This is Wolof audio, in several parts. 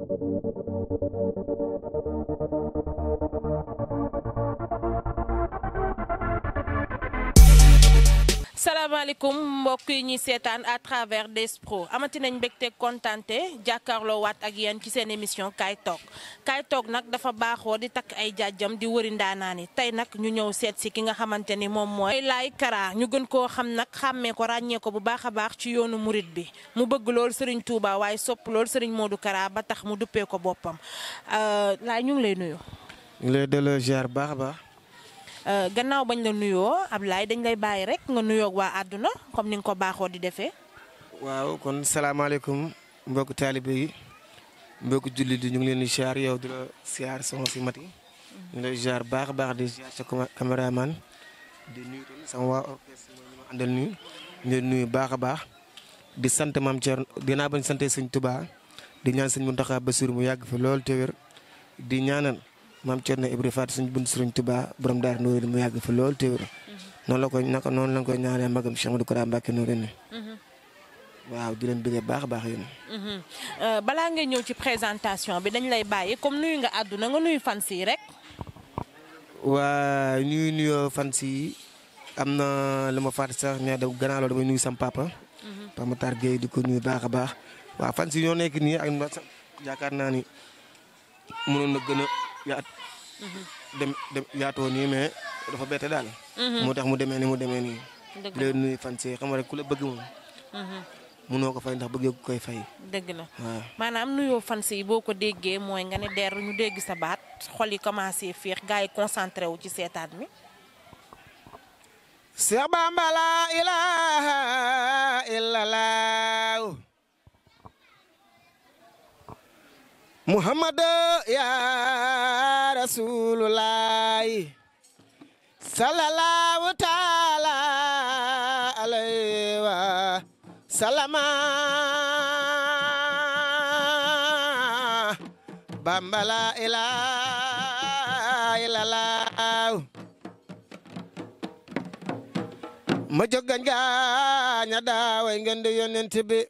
Thank you. salaamaaleykum mbokk yi ñuy seetaan à travers DS Prod amati nañ mbégte kontante jàkkaarloo waat ak yéen ci seen émission kaay toog kaay toog nag dafa baaxoo di takk ay jàjjam di wëri ndaanaani tey nag ñu ñëw seet si ki nga xamante ni moom mooy Laye Kara ñu gën koo xam nag xàmmee ko ràññee ko bu baax a baax ci yoonu murit bi mu bëgg lool Serigne Touba waaye sopp lool Serigne Modou Kara ba tax mu duppee ko boppam euh, Laye ñu ngi lay nuyu. ñu lay baax a Euh, gannaaw bañ la nuyoo Ablaye dañ lay bàyyi rek nga nuyoog waa àdduna comme ni nga ko baaxoo di defee. waaw kon salaamaaleykum mbokk taalibe yi mbokk jullit yi ñu ngi leen di ziar yow di la ziar soxna si Mati. ñu lay ziar baax a baax di ziar sa caméraman di nuyu tamit sama baax a baax di sant maam Thierno dinaa bañ sante sëñ Tuubaa di ñaan sëñ Muntaxa Basiru mu yàgg fi lool te wér di ñaanal. maam Thierno Ibra Faat suñ bunt Sëriñ Tuubaa borom daar Nourène mu yàgg fa lool te mhm. noonu la ko naka noonu la ko ñaanee magam Cheikh Amadou Kara Mbacké mhm. waaw di leen bëggee baax a baax yéen. Mhm. Euh, balaa ngay ñëw ci présentation bi dañ lay bàyyi comme nuyu nga àdduna nga nuyu fans yi rek. waa ñuy nuyoo fans yi am na lu ma fàtte sax mais da gannaaw loolu damay nuyu sam papa. Papa Matar Gueye di ko nuyu baax a baax. waa fans yi ñoo nekk nii ak yaakaar naa ni. mënoon na gën a yaat dem dem yaatoo nii mais dafa bette daal. Mhm. moo tax mu demee ni mu demee nii. dëgg la nuy fan si xam rek ku la bëgg moom. mënoo mhm. ko fay ndax bëggee ku koy fay. dëgg na maanaam nuyoo fan si boo ko déggee mooy nga ne der ñu dégg sa baat xol yi commencé féex gars yi concentré wu ci seetaan mi. Seex Bamba laa ilaaha laa محمد يا رسول الله صلى الله تعالى عليه وسلم بامبا لا إله إلا الله ما جوغان غا ندا وين غند يوننتي بي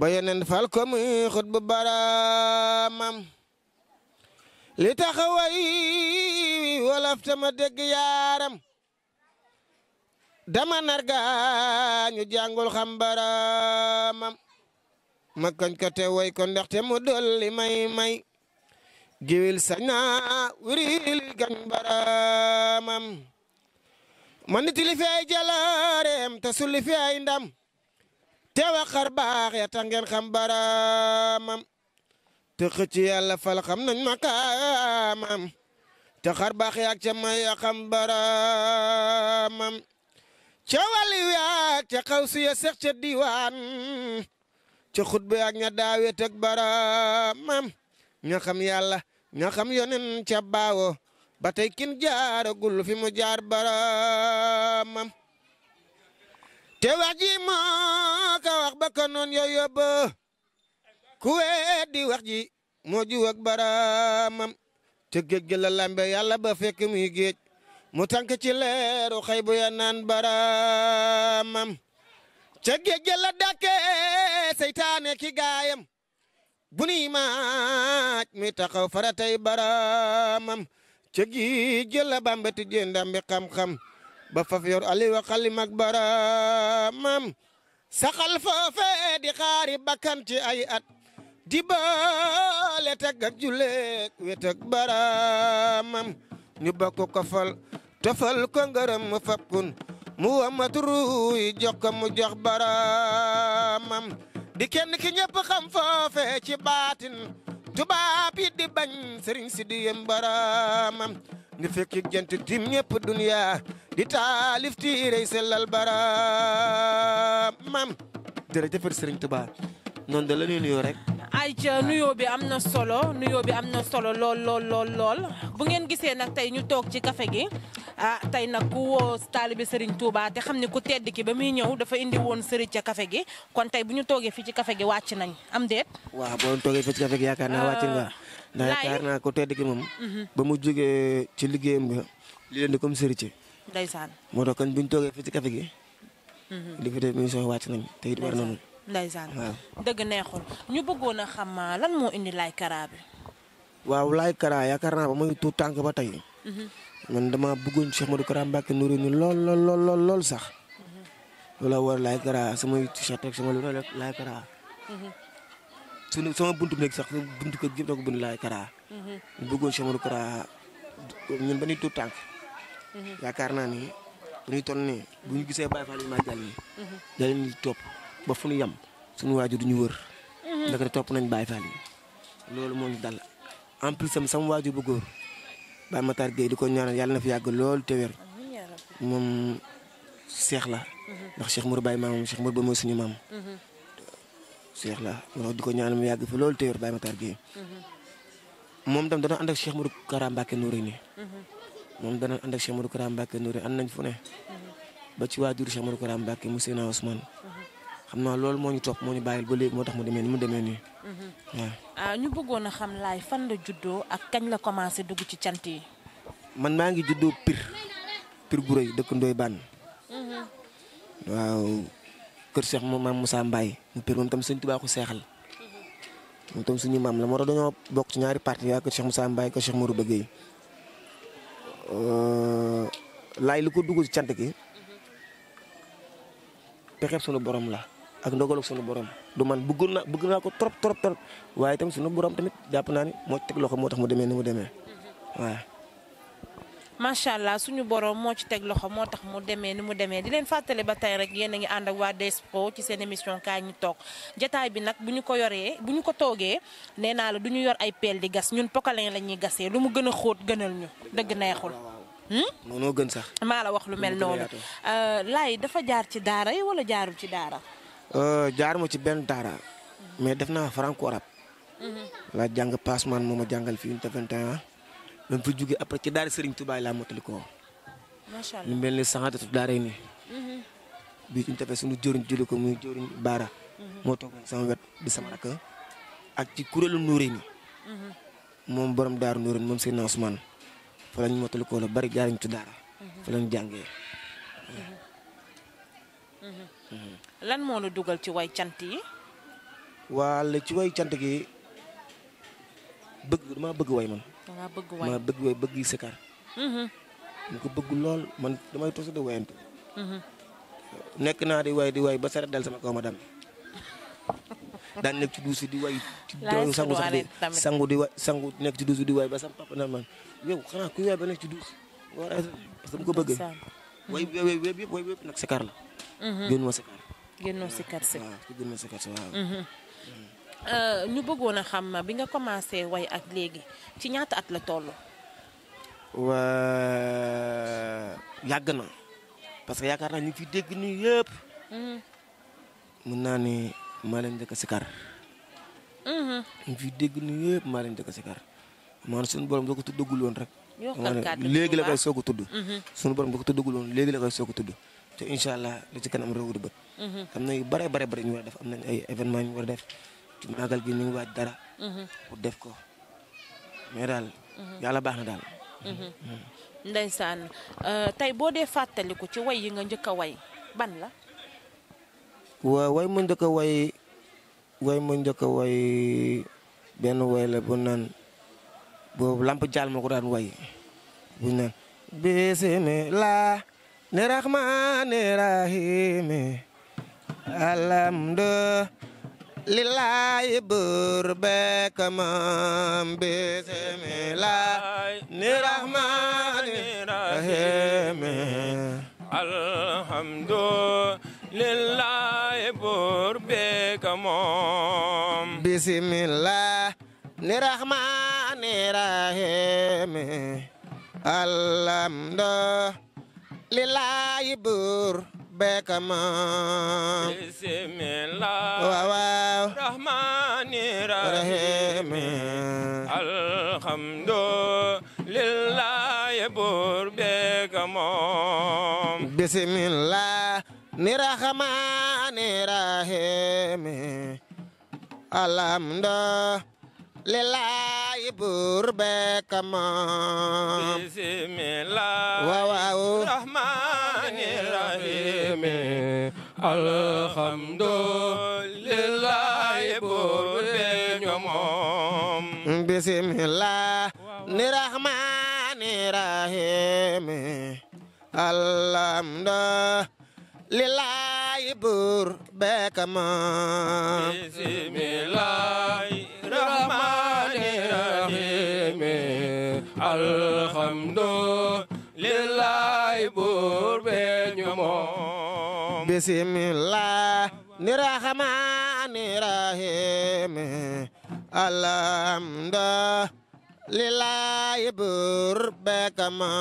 ba yeneen fal ko xut bu baraamam li taxaway wolof tama dégg yaaram dama nargaa ñu jàngul xam baraamam ma kañ ko te way ko ndaxte mu dolli may may jiwil sañ naa wiril gañ baraamam ma nit li jalaareem te sulli fi ndam ca waxar baax ya tax ngeen xam baraamam te xëcc yàlla fal xam na makaamam te xar baax yaak ca may ya xam baraamam ca wàllu yaak ca xaw si ya sex ca diwaan ca xutba yaak ña daawee teg baraamam ña xam yàlla ña xam yonen ca baawo ba tey kin jaaragul fi mu jaar baraamam te wax ji moo ko wax ba ko noon yo yóbbu ku wax ji moo ju ak baraamam te géej gi la lambe yàlla ba fekk muy géej mu tànk ci leeru xëy bu ya naan baraamam te géej gi la seytaane ki gaayam bu maaj muy taxaw faratay baraamam te géej gi la bàmbati jëndam bi xam-xam ba faf yor ali wa xali mag baramam foofee di xaari bakkan ci ay at di baale teg ak julleeg wet ak baramam ñu bokk ko fal tofal ko mu fab kun mu wamaturu yi jox ko mu jox baramam di kenn ki ñëpp xam foofee ci baatin tubaab di bañ sëriñ si di yëm ndi fekki jant tim ñépp duniya di taalif tiirey sellal baraam maam jërëjëfër Sëriñ Tuubaa noonu da la ñuy nuyoo rek. ayca nuyoo bi am na solo nuyoo bi am na solo lool lool lool lool bu ngeen gisee nag tey ñu toog ci kafe gi. ah tey nag ku woo taalibe Serigne Touba te xam ne ku tedd ki ba muy ñëw dafa indi woon Serigne ca kafe gi kon tey bu ñu toogee fii ci kafe gi wàcc nañ am déet. waaw boo toogee fii ci kafe yaakaar naa ah. wàcc nga. ndax yaakaar naa ku tedd ki moom. Mhm. ba mu jógee ci liggéeyam ba li leen di comme Serigne. ndeysaan moo tax kon bu ñu toogee fi ci kafe gi. li mhm. fi def mi ngi soog wàcc nañ te it war nañu. ndeysaan dëgg neexul ñu bëggoon a xam ah, lan moo indi laykara bi. waaw laykara yaakaar naa ba muy tuut tànk ba tey. Mhm. man dama bëggoon Cheikh Modou Kara Mbacké nuru ñu lool lool lool lool sax. Mhm. loola war laykara samay t-shirt ak sama lu rëy laykara. Mhm. suñu sama buntu bi sax buntu kër gi ko bind laykara. ñu bëggoon Cheikh Modou Kara ñun ba ñuy tuut naa ni bu ñuy toll nii bu ñu yi maa jàll yi. da leen topp. ba fu ñu yem suñu waajur du ñu wër. Mhm. ndekete topp nañ Baye Fall yi moo ñu dal en plus sam sama waajur bu góor Baye Matar Gueye di ko ñaanal yàlla na fi yàgg lool te wér moom seex la. Mhm. ndax seex mhm. mu yàgg fi loolu te moom itam dana ànd ak Cheikh Mourou Kara Mbacke Nourine. moom nañ fu ba ci waajur Cheikh Mourou Kara Mbacke mu Seydina Ousmane. xam naa loolu moo ñu topp moo ñu bàyyil ba léegi moo tax mu demee nii mu demee nii. waaw mhm. ah, ñu bëggoon a xam laay fan la juddoo ak kañ la commencé dugg ci cant yi. man maa ngi juddoo Pire Pire bu rëy dëkk Ndoye Bane. Mhm. waaw kër Cheikh moom mu Pire moom tam sëñ Tuubaa seexal. Mhm. moom suñu maam la moo tax bokk ci ñaari parti waa kër Cheikh Moussa Mbaye kër Cheikh euh, laay li ko dugg ci cant gi pexeb sunu borom la. ak ndogalu sunu boroom du man bëggoon naa bëgg ko trop trop trop waaye itam sunu boroom tamit jàpp naa ni moo ci teg loxo moo tax mu demee ni mu demee mm-hmm. waaw. macha allah suñu borom moo ci teg loxo moo tax mu demee ni mu demee di leen fàttale ba tey rek yéen a ngi ànd ak waa DS Prod ci seen émission kaay ñu toog jataay bi nag bu ñu ko yoree bu ñu ko toogee nee naa la du ñu yor ay peel di gas ñun pokaleen la ñuy gasee lu mu gën a xóot gënal ñu dëgg neexul. Hmm? noonu gën sax. maa la wax lu mel noonu. Euh, laay dafa jaar ci daara yi wala jaarul ci daara. Euh, jaar ma ci benn daara mais def naa franco arabe. Mhm. laa jàng passement moom ma jàngal fi unité 21 même fi jóge après ci daara Serigne tubaay laa motali ko. macha mel ni saxaatu daara yi mhm. bi suñu jëriñ jëlee ko muy jëriñ baara. Mhm. moo toog sama wet di sama rakk ak ci kuréelu Nouré moom borom daar Nouré moom Seydina Ousmane fa la ñu motali ko la bari jaariñ ci daara. fa la ñu Mm-hmm. lan moo la dugal ci way cant yi. waala ci way cant gi bëgg damaa bëgg way man. damaa bëgg way bëgg way yi sikar. Mm-hmm. mu ko bëgg lool man damay tos di wayantu. Mm-hmm. nekk naa di way di way ba saret dal sama kaw ma dem. daan nekk ci duusi di way. ci doon sangu di sangu nekk ci duusi di ba sama papa naan man yow xanaa kuy way ba nekk ci duusi. parce que mu ko bëgg way way way yëpp way nag sikar la. Mm-hmm. génn ma si waaw génn ma sikar si mm-hmm. euh, ñu bëggoon a xam bi nga commencé way ak léegi ci ñaati at la toll yàgg na parce que yaakaar na ñu fi dégg nii yëpp mm-hmm. mën naa ne maa leen dëkk sikar ñu fi dégg nii yëpp maa leen dëkk sikar maanaam suñu borom doo ko tuddagul woon rek léegi la koy soog a tudd suñu borom doo ko tuddagul woon léegi la koy soog a tudd te incha allah li ci kanam réewu di bët. Mhm. am na yu bare bare bare ñu war a def am nañ ay événement ñu war a def ci màggal gi ñu ngi dara. Mhm. pour def ko mais daal. Mhm. yàlla baax na daal. ndeysaan euh, tey boo dee fàttaliku ci way yi nga njëkk a way ban la. waaw way ma njëkk a way way ma njëkk benn way la bu naan boobu lamp jaal ma ko daan way bu naan. Bésmélaa ni rahmani rahimi alhamdulillahi buur bekk moom ni rahmani rahimi alhamdulillahi buur bekk moom ni rahmani rahimi alhamdulillahi li laayi buur beeka moom bismillah waawaaw rahmani rahim alhamdu lillaayi buur beeka moom bismillah ni rahmani rahim alhamdu lillaayi buur bekk moom bismillah waaw rahmani rahim bismillah ni rahmani rahim bismillah الرحمن الرحيم الحمد لله بور بسم الله الرحمن الرحيم الحمد lillahi bur bekama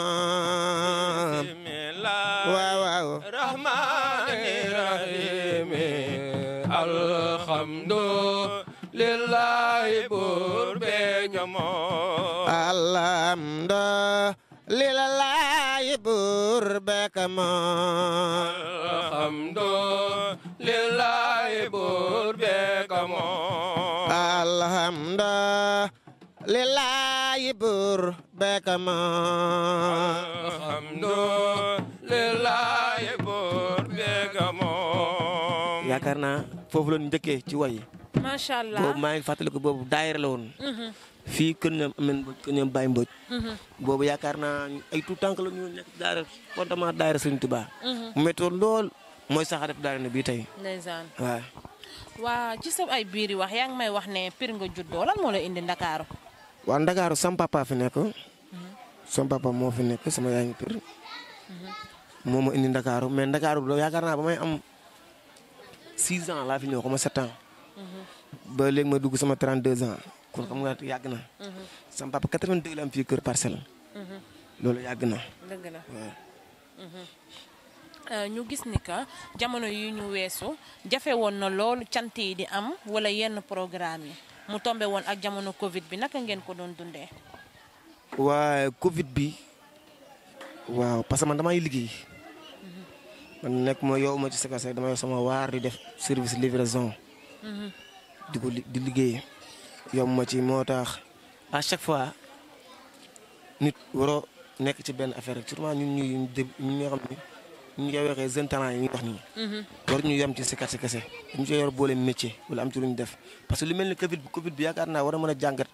waaw rahmani rahim alhamdulillah lillahi buur bee ka moom alhamdu lillahi buur naa foofu la ñu njëkkee ci way macha allah boobu maa ngi ko boobu daayira la woon. Mhm. fii kër ñoom Amène Mbodj mhm. boobu yaakaar naa ay tout tànk la ñu nekk daayira fondement daayira Sëriñ Tuubaa. Mhm. lool mooy sax a bii tey. ndeysaan ci sa ay wax yaa may wax ne Pire nga juddoo indi Ndakaaru. waa Ndakaaru sama fi nekk. sama moo fi nekk sama yaa ngi Pire. moo ma indi yaakaar naa ba may am 6 ans laa fi ñëw xaw ma ba léegi ma dugg sama 32 ans kon xam nga yàgg na. sama papa 82 la kër parcelle. loolu yàgg na. Euh, ñu gis ni que jamono yi ñu weesu jafe woon na loolu cant yi di am wala yenn programme yi mu tombe woon ak jamono Covid bi naka ngeen ko doon dundee. waaye Covid bi waaw parce que man damay liggéey. Mhm. man nekk moo yow ma ci sa damay sama waar di def service livraison. di ko di liggéey yomb ma ci moo tax à chaque fois nit waroo nekk ci benn affaire surtout ñun ñuy ñi nga xam ne ñu koy waxee jeune yi ñuy wax nii. Mhm. war ñu yem ci si kese kese dañu koy yor boole métier wala am ci lu ñu def parce que lu mel ni Covid bi Covid bi yaakaar naa war a mën a jàngat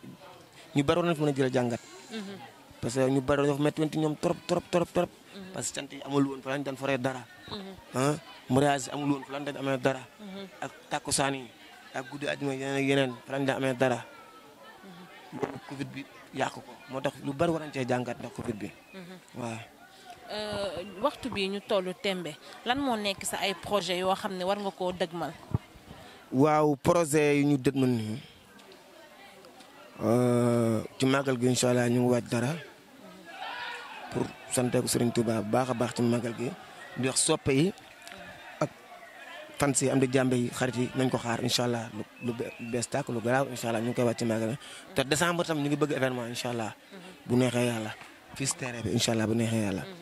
ñu bari war nañu fi mën a jël jàngat. Mhm. parce que ñu bari dafa métti woon ci ñoom trop trop trop Mm-hmm. parce que cant yi amul woon fa lañ daan foree dara. ah mariage amul woon fa lañ daan amee dara. Mm-hmm. ak takkusaan yi ak guddi àjjuma yeneen yeneen fa lañ daan amee dara. loolu Covid bi yàq ko moo tax lu bari war nañ cee jàngat ndax Covid bi. waaw. Euh, waxtu bi ñu tollu tembe lan moo nekk sa projet yoo xam ne war nga koo dëgmal. waaw projet yi ñu dëgmal nii euh, ci màggal gi incha ñu waaj dara. pour sante ko Serigne Touba bu baax a baax ci magal gi di wax soppe yi ak fans yi am di jàmbe yi xarit yi nañ ko xaar incha allah lu lu bees tàkk lu garaaw incha allah ñu ngi koy wàcc ci magal bu neexee yàlla fii si terrain bi incha bu neexee yàlla mhm.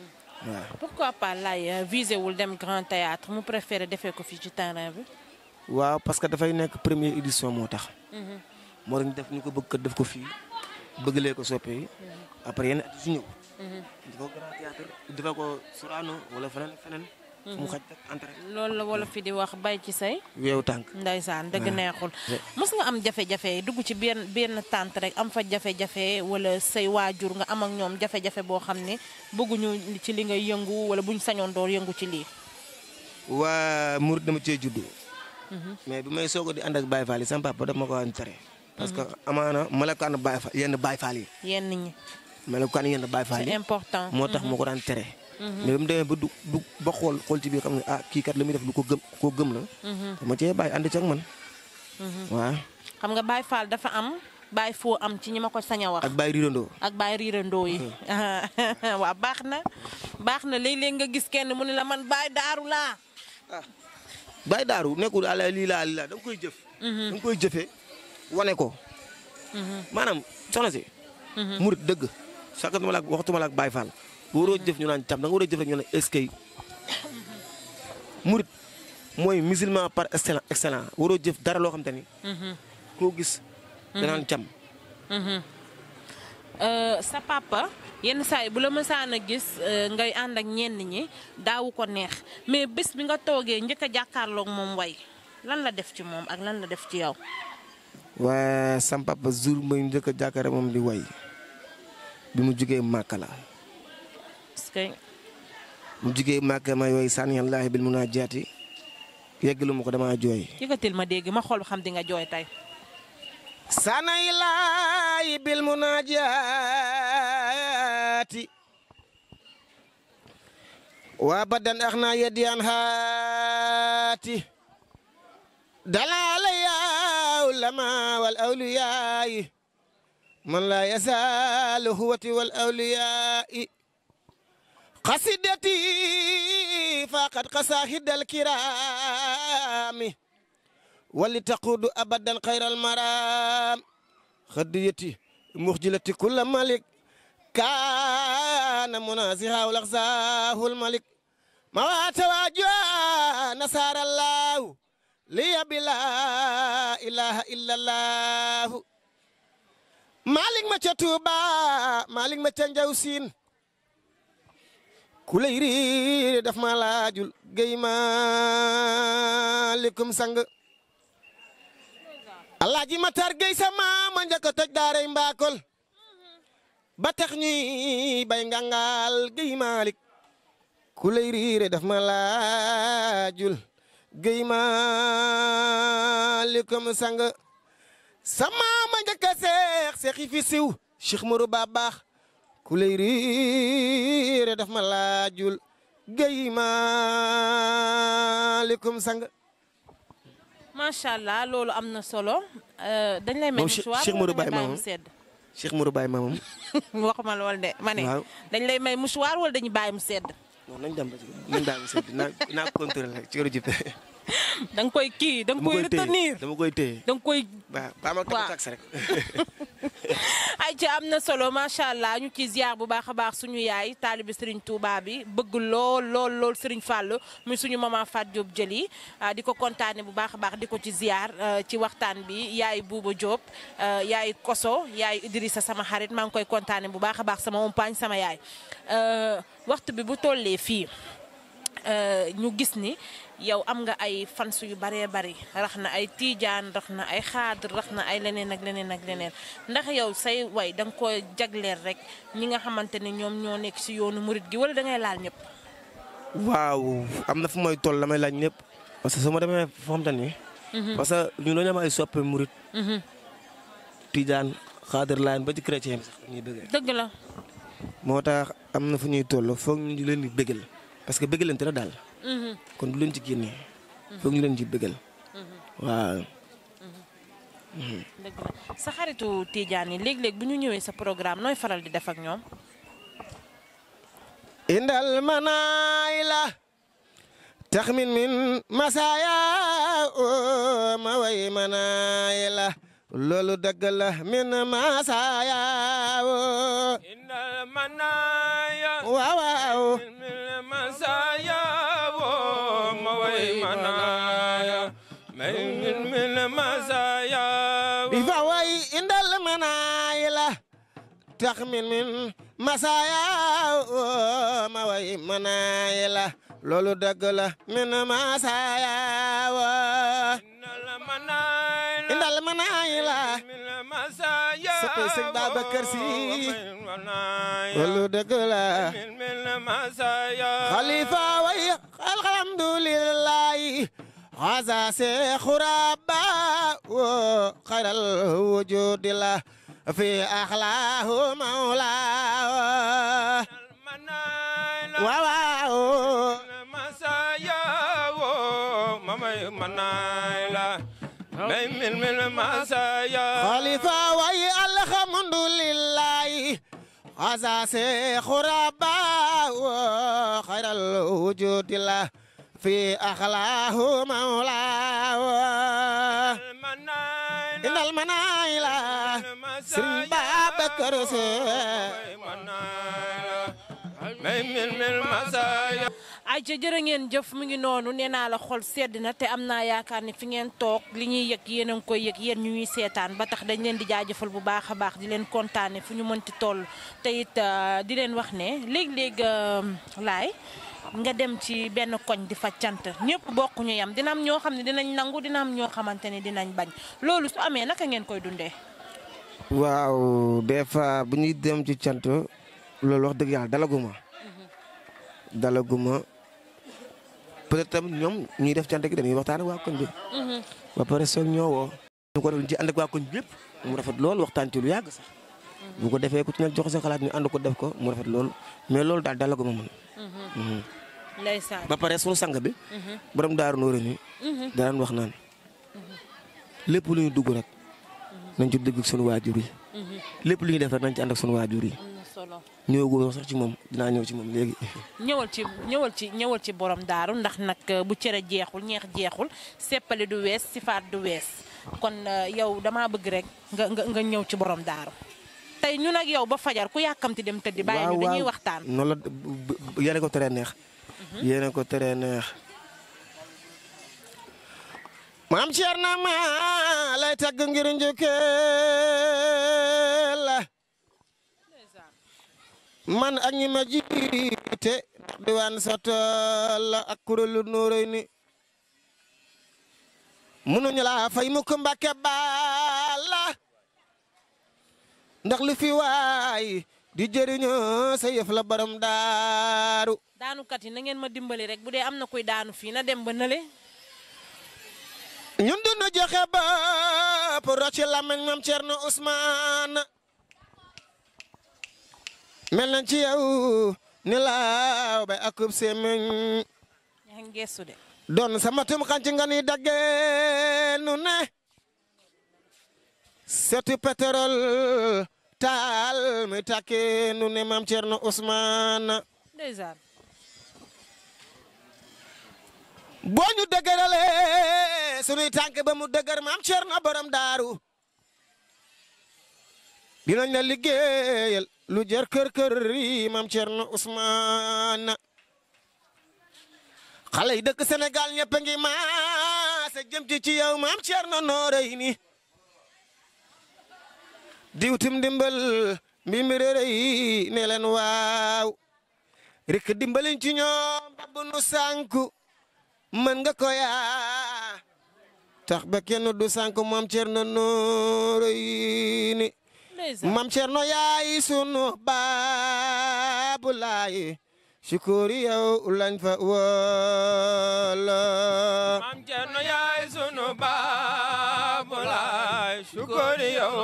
waaw. pourquoi pas lay euh, visé wul dem grand théâtre mu préféré defee ko fii ci terrain bi. waaw parce que dafay nekk première édition moo tax. Mhm. moo tax ñu def ñu ko bëgg def ko fii bëggalee ko soppe yi mhm. après yenn at yu ñëw. Mm-hmm. di ko grand théâtre defee ko Sorano wala feneen feneen. Mm-hmm. mu loolu la wolof fi di wax bay ci say. weewu tànk ndeysaan dëgg ah. neexul. mos nga am jafe-jafe dugg ci benn benn tànt rek am fa jafe-jafe wala say waajur nga am ak ñoom jafe-jafe boo xam ne bëgguñu ci li ngay yëngu wala buñ sañoon door yëngu ci lii. waa mur dama cee juddu. Mm-hmm. mais bi may soog di ànd ak bay Fall yi sama papa daf ma ko wan tere. parce que amaana malakaan Baye Fall yi. yenn ñi. ma melokaan yenn Baay Faal c'est important moo tax moo ko daan tere mm-hmm. mais ba mu demee ba du du ba xool xool ci biir xam ne ah kii kat la muy def lu ko gëm koo gëm la mm-hmm. dama cee bàyyi ànd ci ak man mm-hmm. waaw xam nga Baay Faal dafa am baay foo am ci ñi ma ko sañ wax. ak baay riirandoo. ak baay riirandoo yi. waaw baax na baax na léeg-léeg nga gis kenn mu ne la man baay daaru laa. ah baay daaru nekkul ala lii laa lii laa da koy jëf. da koy jëfee wane ko. maanaam soxna si. murit dëgg. sàkkatuma la ak waxtuma la ak Baye Fall waroo a def rek ñu ne est-ce que jëf dara loo xam te ni. Mm-hmm. koo gis. Mm-hmm. Mm-hmm. Euh, sa papa yenn saa yi bu la mësaan gis euh, ngay ànd ak ñenn ñi daawu ko neex mais bés bi nga toogee njëkk a jàkkaarloog moom way lan la def ci moom ak lan la def ci yow. waa sam papa jour mooy njëkk a jàkkaarloog moom di way. bi mu jugee Màkka la. mu jugee Màkka ma yooyu sànni yàllaahi bil munaajaati yeggalu ma ko damaa jooy. yëkkatil ma dégg ma xool xam di nga jooy tey. sànni yàllaahi munaajaati waa badan ax naa yediyaan haati dalaala yaaw lama wal awliyaayi man laa yazaal huwati wal awliyaai qasidati faqad qasaahidal kiraami wali taquudu abadan xayral maraam xadiyati muxjilati kulla malik kaana munaasiha wal axsaahul malik mawaata waajua nasaarallaahu liya bila ilaha illa allaahu maalik ma ca Tuuba maalik ma ca njaw siin ku lay riire daf ma laajul géy maalikum sang alaaji Matar géy sa maama njëkk a toj daaray mbaakol ba tax ñuy bay ngangaal géy maalik ku lay riire daf ma laajul géy sang sa maama njëkk seqi fi siw Cheikh Mourou Ba baax ku lay riire daf ma laajul géy maaleykum sang. macha allah loolu am na solo. Euh, dañ lay may mouchoir moom Cheikh Mourou Baye maamam Cheikh Mourou Baye maamam. waxuma lool de ma dañ lay may mouchoir wal dañu bàyyi mu sedd. non nañ dem ba ci nañ bàyyi mu sedd naa koy kii da nga koy retenir dama koy téye koy téye. waaw ay ayca am na solo macha allah ñu ci ziar bu baax a baax suñu yaay taalibi Serigne Touba bi bëgg lool lool lool Serigne Fallou muy suñu maman Fatou Diop jëli ah, di ko kontaane bu baax a baax di ko ci ziar ah, ci waxtaan bi yaay Bouba Diop ah, yaay Koso yaay Idrissa sama xarit maa ngi koy kontaane bu baax a baax sama ompaañ sama yaay waxtu bi bu tollee fii. Euh, ñu gis ni yow am nga ay fans yu baree bari rax na ay tiijaan rax na ay xaadir rax na ay leneen ak leneen ak leneen ndax yow say way da nga koy jagleel rek ñi nga xamante ne ñoom ñoo nekk si yoonu murit gi wala da laal ñëpp. waaw am na fu may toll damay laaj ñëpp parce que su ma demee foo xamante ni. Mhm. parce que murit. Mhm. tiijaan xaadir laan ba ci chrétien sax ñuy bëgg. dëgg la. moo tax am na fu ñuy toll foog ñu leen bëgg bëggal. parce que bëggalante la daal. Mhm. kon du leen ci génnee. Mhm. foog ñu leen ci bëggal. Mhm. waaw. dëgg la sa xaritu Tidiane yi léeg-léeg sa programme nooy faral di def ak ñoom. indal manaay la la loolu dëgg la min masaaya oo indal manaaya taxmin min masaya ma way manaay la loolu dëgg la min masaya wa indal manaay la sëpp sëñ Babacar Si loolu dëgg la xalifa way alhamdulillahi haza se xuraba wo xayral wujudi la في أخلاه مولاه واو مسايا مامي منايلا من من مسايا خليفة وي الحمد لله عزا شيخ رباه خير الوجود له في أخلاه مولاه إن المنايلة Serigne Babacar Sy ay ca jërë ngeen jëf mu ngi noonu nee naa la xol sedd na te am naa yaakaar ni fi ngeen toog li ñuy yëg yéen a ngi koy yëg yéen ñu ñuy seetaan ba tax dañ leen di jaajëfal bu baax a baax di leen kontaane fu ñu mënti toll teyit it euh, di leen wax ne léeg-léeg euh, lay nga dem ci benn koñ di fa cant ñëpp bokk ñu yam dina am ñoo xam ne dinañ nangu dinam ñoo xamante ne dinañ bañ loolu su amee naka ngeen koy dundee waaw des fois bu ñuy dem ci cant loolu wax dëgg yàlla dalaguma. Mhm. dalaguma peut être tam ñoom ñuy def cant gi dañuy waxtaan ak waa koñ bi. Mhm. ba pare soog ñoo woo. ci ànd ak waa mu rafet lool waxtaan ci lu yàgg sax. Mhm. bu ko defee ko ci nekk jox sa xalaat ñu ànd ko def ko mu rafet lool mais loolu daal dalaguma man. ndeysaan ba pare sunu sang bi. borom daaru nooree nii. daan wax naan lépp lu ñu dugg rek. nañ ci dëgg ak sunu waajur yi. Mhm. lépp lu ñu def rek nañ ci ànd ak sunu waajur yi. ñëwagoo sax ci moom dinaa ñëw ci moom léegi. ñëwal ci ñëwal ci ñëwal ci borom daaru ndax nag euh, bu cere jeexul ñeex jeexul seppali du wees sifaat du wees kon euh, yow damaa bëgg rek nga ñëw ci borom daaru. tey ñu nag yow ba fajar ku yàkkamti dem tëddi. bàyyi ñu dañuy waxtaan. noonu la ko teree neex. Mhm. yéen ko teree neex. maam Cerno ma lay tagg ngir njukkeel la man ak ma jiite diwaan Sotal la ak kuréelu nooray ni munuñu fay mu ko Mbàkke baal la ndax lu fi waay di jëriñoo sa yëf la borom daaru. daanukat yi na ngeen ma dimbali rek bu dee am na koy daanu fii na dem ba nële. ñun dunu joxe bopp roc ci làmmiñ moom Cerno Ousmane mel nañ ci yow ni laaw bay akub semiñ yaa ngi doon sama tum xanc nga ni dagge nu ne setu pétrole taal mi tàkke nu ne maam Cerno Ousmane boo ñu dëgëralee sunuy tànk ba mu dëgër maam Cerno borom daaru dinañ la liggéeyal lu jër kër kër yi maam Cerno Ousmane xale yi dëkk Sénégal ñëpp a ngi maase jëm ci ci yow maam Cerno noora yi ni diwtum dimbal mbimbi réere yi ne leen waaw rek ci ñoom babbu nu sànku mën nga ko yaa tax ba kenn du sànk moom Cerno Nooreeyni na Cerno yaay sunu baabu laay sukuri sunu baabu laay sukuri yow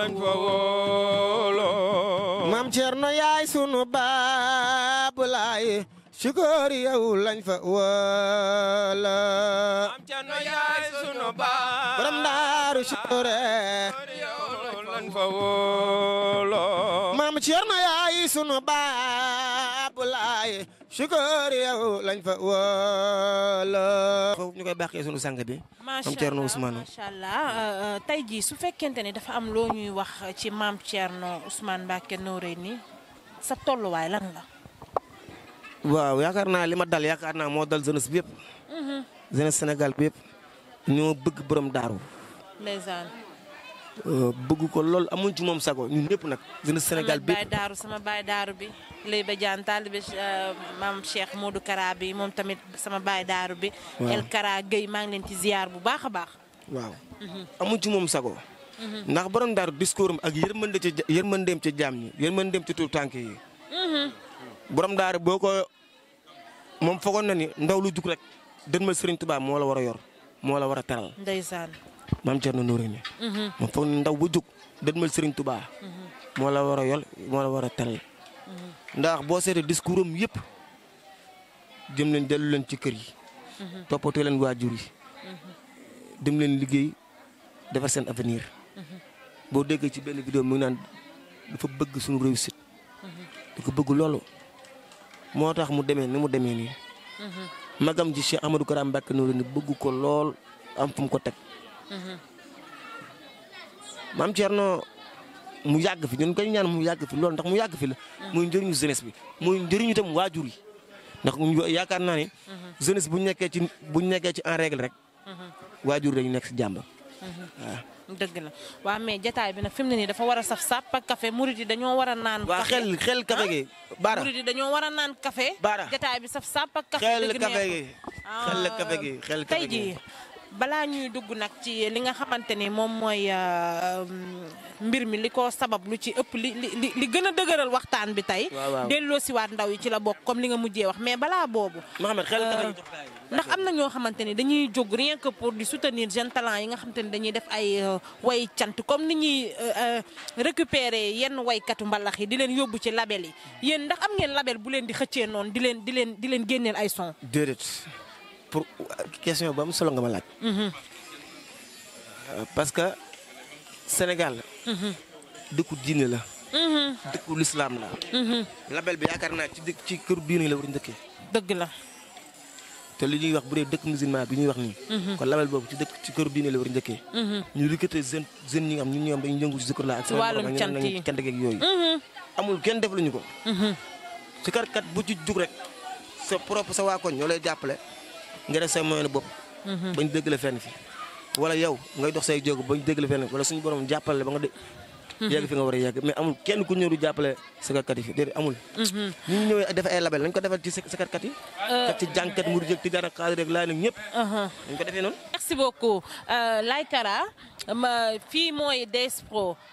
lañ fa wala mam Cerno yaay sunu baabu sukoor yow lañ fa wala am Cerno yaay sunu baay borom daaru sukoore yow lañ fa wala yaay sunu baay Ablaay sukoor yow lañ fa wala ñu koy bàqee sunu sang bi maam Cerno Ousmane macha allah euh, euh, tey jii su fekkente ne dafa am loo ñuy wax ci maam Cerno Ousmane Mbacke Noreyni tolluwaay lan la waaw yaakaar naa li ma dal yaakaar naa moo dal jeunesse bi yëpp. Mhm. senegal Sénégal bi bëgg borom daaru. ndeysaan. Euh, bëgg ko lool amuñ ci moom sago ñun ñëpp nag. jeunesse senegal bi yëpp daaru sama baay daaru bi. lay ba jaan taalibe euh, maam Cheikh Kara bi moom tamit sama baay daaru bi. El Kara Guèye maa ngi leen ci ziar bu baax a baax. waaw mhm. amuñ ci moom sago. Mhm. ndax borom daaru discours am ak yërmandeem ci yërmandeem ca jaam ñi yërmandeem ca tuutànk yi. borom daara boo ko moom foogoon na ni ndaw lu jug rek dën ma Serigne Touba moo la war a yor moo la war a teral. ndeysaan. maam Thierno Nourine. Mhm. moom ndaw bu jug dën ma Serigne Touba. Mhm. moo la war a yor moo la war a teral. Mhm. ndax boo seetee discours am yëpp jëm leen dellu leen ci kër yi. toppatoo leen waajur yi. dem leen liggéey defar seen avenir. boo déggee ci benn vidéo mu ngi naan dafa bëgg suñu réussite. da ko bëgg loolu. moo tax mu demee ni mu demee nii. Mm-hmm. magam ji Cheikh Amadou Karam Mbacke noonu ni bëgg ko lool am fu mu ko teg. Mm-hmm. maam Thierno mu yàgg fi ñun koy ñaan mu yàgg fi lool ndax mu yàgg fi la. Mm-hmm. muy njëriñu jeunesse bi muy njëriñu tam waajur yi ndax yaakaar naa ni. bu ñu nekkee bu ñu nekkee ci en rek. waajur dañu nekk si jàmba dëgg na waaw mais jataay bi nag fi mu ne nii dafa war a saf sàpp ak café murid yi dañoo war a naan. waaw xel xel café gi. baara murid yi dañoo war a naan café. baara bi saf sàpp ak café. xel café gi xel café gi xel café gi ah. tey jii balaa ñuy dugg nag ci li nga xamante ni moom mooy euh, mm, mbir mi li ko sabab lu ci ëpp li li li gën a dëgëral waxtaan bi tey. delloo siwaat ndaw yi ci la bokk comme li nga mujjee wax mais balaa boobu. Euh, ndax am na ñoo xamante ni dañuy jóg rien que pour di soutenir jeunes yi nga xamante ni dañuy def ay euh, way cant comme ni ñuy récupérer yenn waykatu mbalax yi di leen yóbbu ci label yi yéen ndax am ngeen label bu leen di xëccee noonu di leen di leen di leen génneel ay son. déedéet. pour euh, question ba mu solo nga mhm. euh, parce que Sénégal. Mhm. dëkku diine la. Mhm. dëkku lislaam la. label bi yaakaar naa ci dëkk ci këru diine la war a njëkkee. dëgg la. te li ñuy wax bu dee dëkk musulman bi ñuy wax nii. kon label boobu ci këru diine la war a njëkkee. ñu rikkatee jeune jeune ñi nga xam ñun ñoom dañuy yëngu ci zikr la ak. ci wàllum cant yi cant geeg yooyu. amul kenn def ñu ko. ci karkat bu ci jug rek sa propre sa waa koñ ñoo lay jàppale. nga def say moyenne bopp. Mhm. bañ dëgg la fenn fi wala yow ngay dox say jóg bañ dëgg la fenn wala suñu borom jàppale ba nga dé mhm. yegg fi nga war a yegg mais amul kenn ku ñëw du jàppale sakarkat yi fi déedéet amul. ñu mhm. ñu ñëwee def ay label ko defal ci sakarkat yi. Euh, kat ci jàngkat mu di jëg ci dara xaalis rek laaj nag ñëpp. Uh-huh. noonu. merci euh, Kara fii mooy DS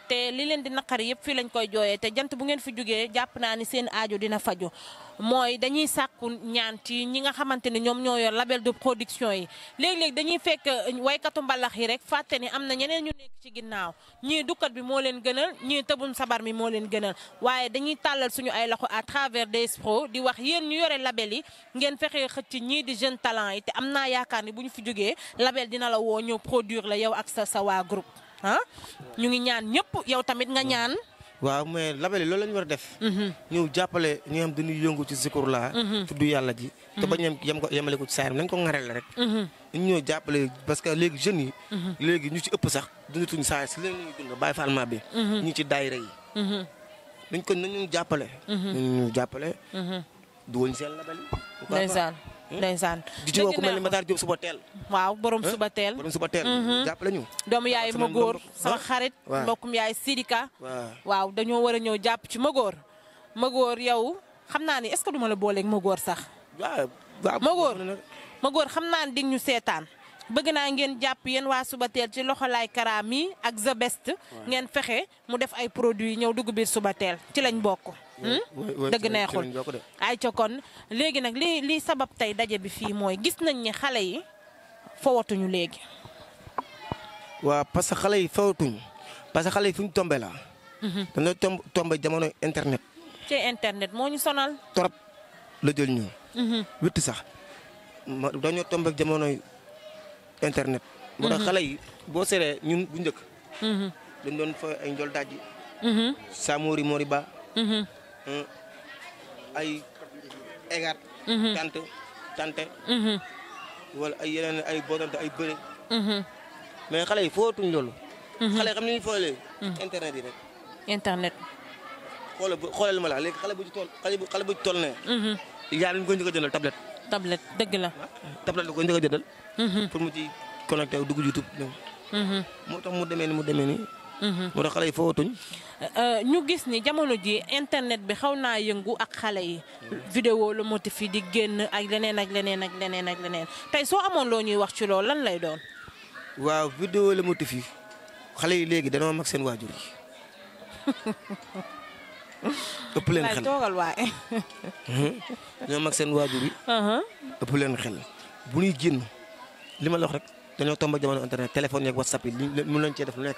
te li leen di naqari yëpp fii lañ koy jooyee te jant bu ngeen fi jógee jàpp naa ni seen ajo dina fajo mooy dañuy sàkku ñaan ci ñi nga xamante ni ñoom ñoo yor label de production yi léeg-léeg dañuy fekk euh, woykatu mbalax yi rek fàtte ni am na ñeneen ñu nekk ci ginnaaw ñii dukkat bi moo leen gënal ñii tëbum sabar mi moo leen gënal waaye dañuy tàllal suñu ay loxo à travers DS Pro di wax yéen ñu yore label yi ngeen fexe xëcc ñii di jeune talent yi am naa yaakaar ni bu ñu fi jógee label dina la woo ñëw produire la yow ak sa sa groupe ah ñu ngi ñaan ñëpp yow tamit nga ñaan. waaw mais label yi loolu la ñu war a def. Mhm. ñëw jàppale ñi nga xam dañuy yëngu ci zikur laa. Mhm. tudd yàlla ji. te mhm. bañ a yem ko yemale ko ci saa nañ ko ŋareel rek. ñu jàppale parce que léegi jeunes yi. léegi ñu ci ëpp sax dundatuñu saa si léegi ñu ñu jàppale. du woon seen label yi. Hmm? ndeysaan di ci woo ku mel ni Matar Diop suba teel waaw borom hmm? suba teel borom suba teel hmm. jàppale ñu doomu yaay Magor sama xarit mbokkum yaay Sidika waaw dañoo war a ñëw jàpp ci magoor Magor yow xam naa ni est-ce ma la booleeg Magor sax waaw Magor Magor xam naa ni dig ñu seetaan bëgg naa ngeen jàpp yéen waa suba teel ci loxolaay laay karaam ak The ngeen fexe mu def ay produits ñëw dugg biir suba teel ci lañ bokk Hmm? dëgg neexul ay ca kon léegi nag li li sabab tey daje bi fii mooy gis nañ ni xale yi fowatuñu léegi waaw parce que xale yi fowatuñu parce que xale yi fu ñu tombe la mhm. dañoo tomb tombe jamono internet moo ñu sonal trop la jël ñu mhm. witti sax dañoo tombe mhm. xale yi boo seree ñun bu njëkk dañ doon daaj saa moori moori ba Mm. ay egat tant mm-hmm. tante mm-hmm. wal ay yeneen ay bootante ay bëre mm-hmm. mais xale yi footuñ loolu xale yi xam nañu foo léegi internet yi rek internet xoolal bu xoolal ma la léegi xale bu ci toll xale bu xale bu ci toll ne yaa dañ ko njëkk a jëndal tablette tablette dëgg la ah, tablette la ko njëkk a jëndal pour mu ci connecté dugg YouTube moo tax mu demee mu demee moo mm-hmm. tax xale yi foowatuñ euh, euh, ñu gis ni jamono ji internet bi xaw naa yëngu ak xale yi mm-hmm. vidéo la motif yi di génn ay leneen ak leneen ak leneen ak leneen tey soo amoon loo ñuy wax ci loolu lan lay doon waaw vidéo la motif yi xale yi léegi dañoo mag seen waajur yi ëpp leen xel toogal waaye ñoo mag seen waajur yi uh-huh. ëpp leen xel bu ñuy génn li ma la wax rek dañoo tomba jamono internet téléphone yeeg whatsapp yi mun nañ cee def lu nekk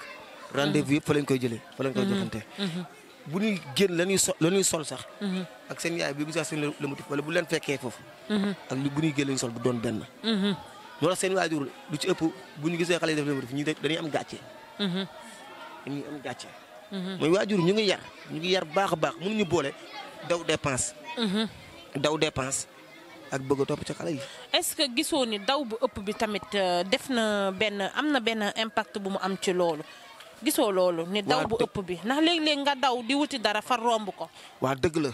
rendez-vous yëpp fa lañ koy jëlee fa lañ koy mhm. joxante mhm. bu ñuy génn la ñuy sol la ñuy sol sax mhm. ak seen yaay bi bu sax seen le motif wala bu leen fekkee foofu ak bu ñuy génn la sol bu doon benn moo tax seen waajur lu bu ñu gisee xale ñu dañuy am gàcce dañuy ñu ngi yar ñu ngi yar baax a baax mënuñu boole daw dépense daw dépense ak bëgg a topp ci xale yi. est ni daw bu ëpp bi tamit euh, def na benn am na benn impact bu mu am ci loolu gisoo loolu. ni daw bu ëpp bi ndax léeg-léeg nga daw di wuti dara fa romb ko. waa dëgg la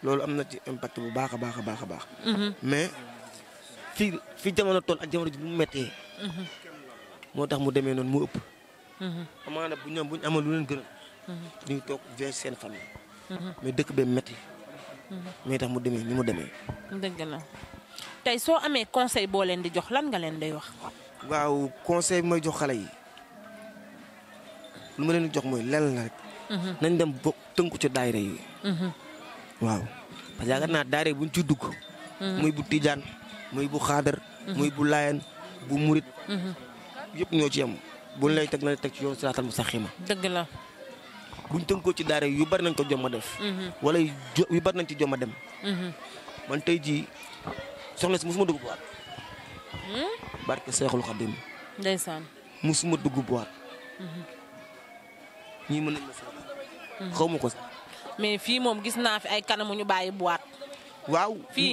loolu am na ci impact bu baax a baax a baax a baax. Mhm. mais fi fi jamono toll ak jamono ji mu méttee. Mhm. moo tax mu demee noonu mu ëpp. Mhm. bu bu ñu amoon lu leen gën seen famille. mais dëkk bee métti. mu demee ni mu demee. dëgg la tey soo amee conseil boo leen di jox lan nga leen day wax. waaw conseil mooy may jox xale yi. lu ma leen jox mooy lenn la rek. Mhm. nañ dem ba tënku ci daayira yi. Mhm. waaw parce que yaakaar naa daayira bu ci dugg. Mhm. muy bu tijaan muy bu xaadar. muy bu laayeen bu murit. yëpp ñoo ci yem buñ lay teg na teg ci yoon siraatal mustaqiim. dëgg la. buñ tënkoo ci daara yu bari nañ ko jom a def. wala yu bari nañ ci jom a dem. man tey jii soxna si musuma dugg bu waat. Hmm? barke Seexul Xadim. ndeysaan musuma dugg bu waat. ñii mën na ma seetaan. xaw ma ko mais fii moom gis naa fi ay kanamu ñu bàyyi boîte. waaw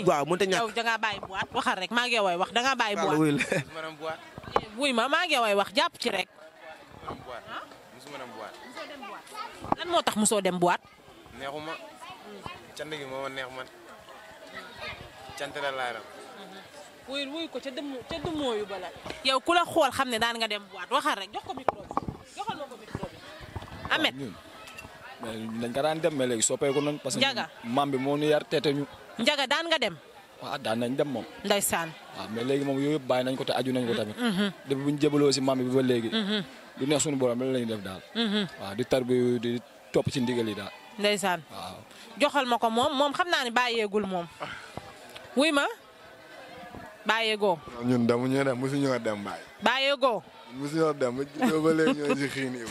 waaw mënut a ñàkk fii yow da bàyyi boîte waxal rek maa ngi way wax da ngaa bàyyi boîte. Eh, wuy ma maa ngi way wax jàpp ci rek. lan moo tax mosoo dem boîte. neexuma cant gi moo neex man cant la laay ram. Mm-hmm. wuy wuy ko ca dem ca dumooyu bala. yow ku la xool xam ne daan nga dem boîte ma ko micro. Amet mais dañ ko daan dem mais léegi soppeeku nañ. parce que maam bi moo ñu yar teete ñu. Njaga daan nga dem. waaw daan nañ dem moom. ndeysaan. waaw mais léegi moom yooyu yëpp bàyyi nañ ko te aju nañ ko tamit. Mm-hmm. depuis bu ñu jébaloo si maam bi ba léegi. Mm-hmm. du neex la ñuy def daal. Mm-hmm. waaw di tar di topp ci ndigal yi daal. ndeysaan waaw. joxal ma ko moom moom xam naa ne bàyyeegul moom. wuy ma bàyyeegoo. ñun demuñu ne mosuñu dem bàyyi. bàyyeegoo. musuñoo dem ba léegi ñoo ci xiin yi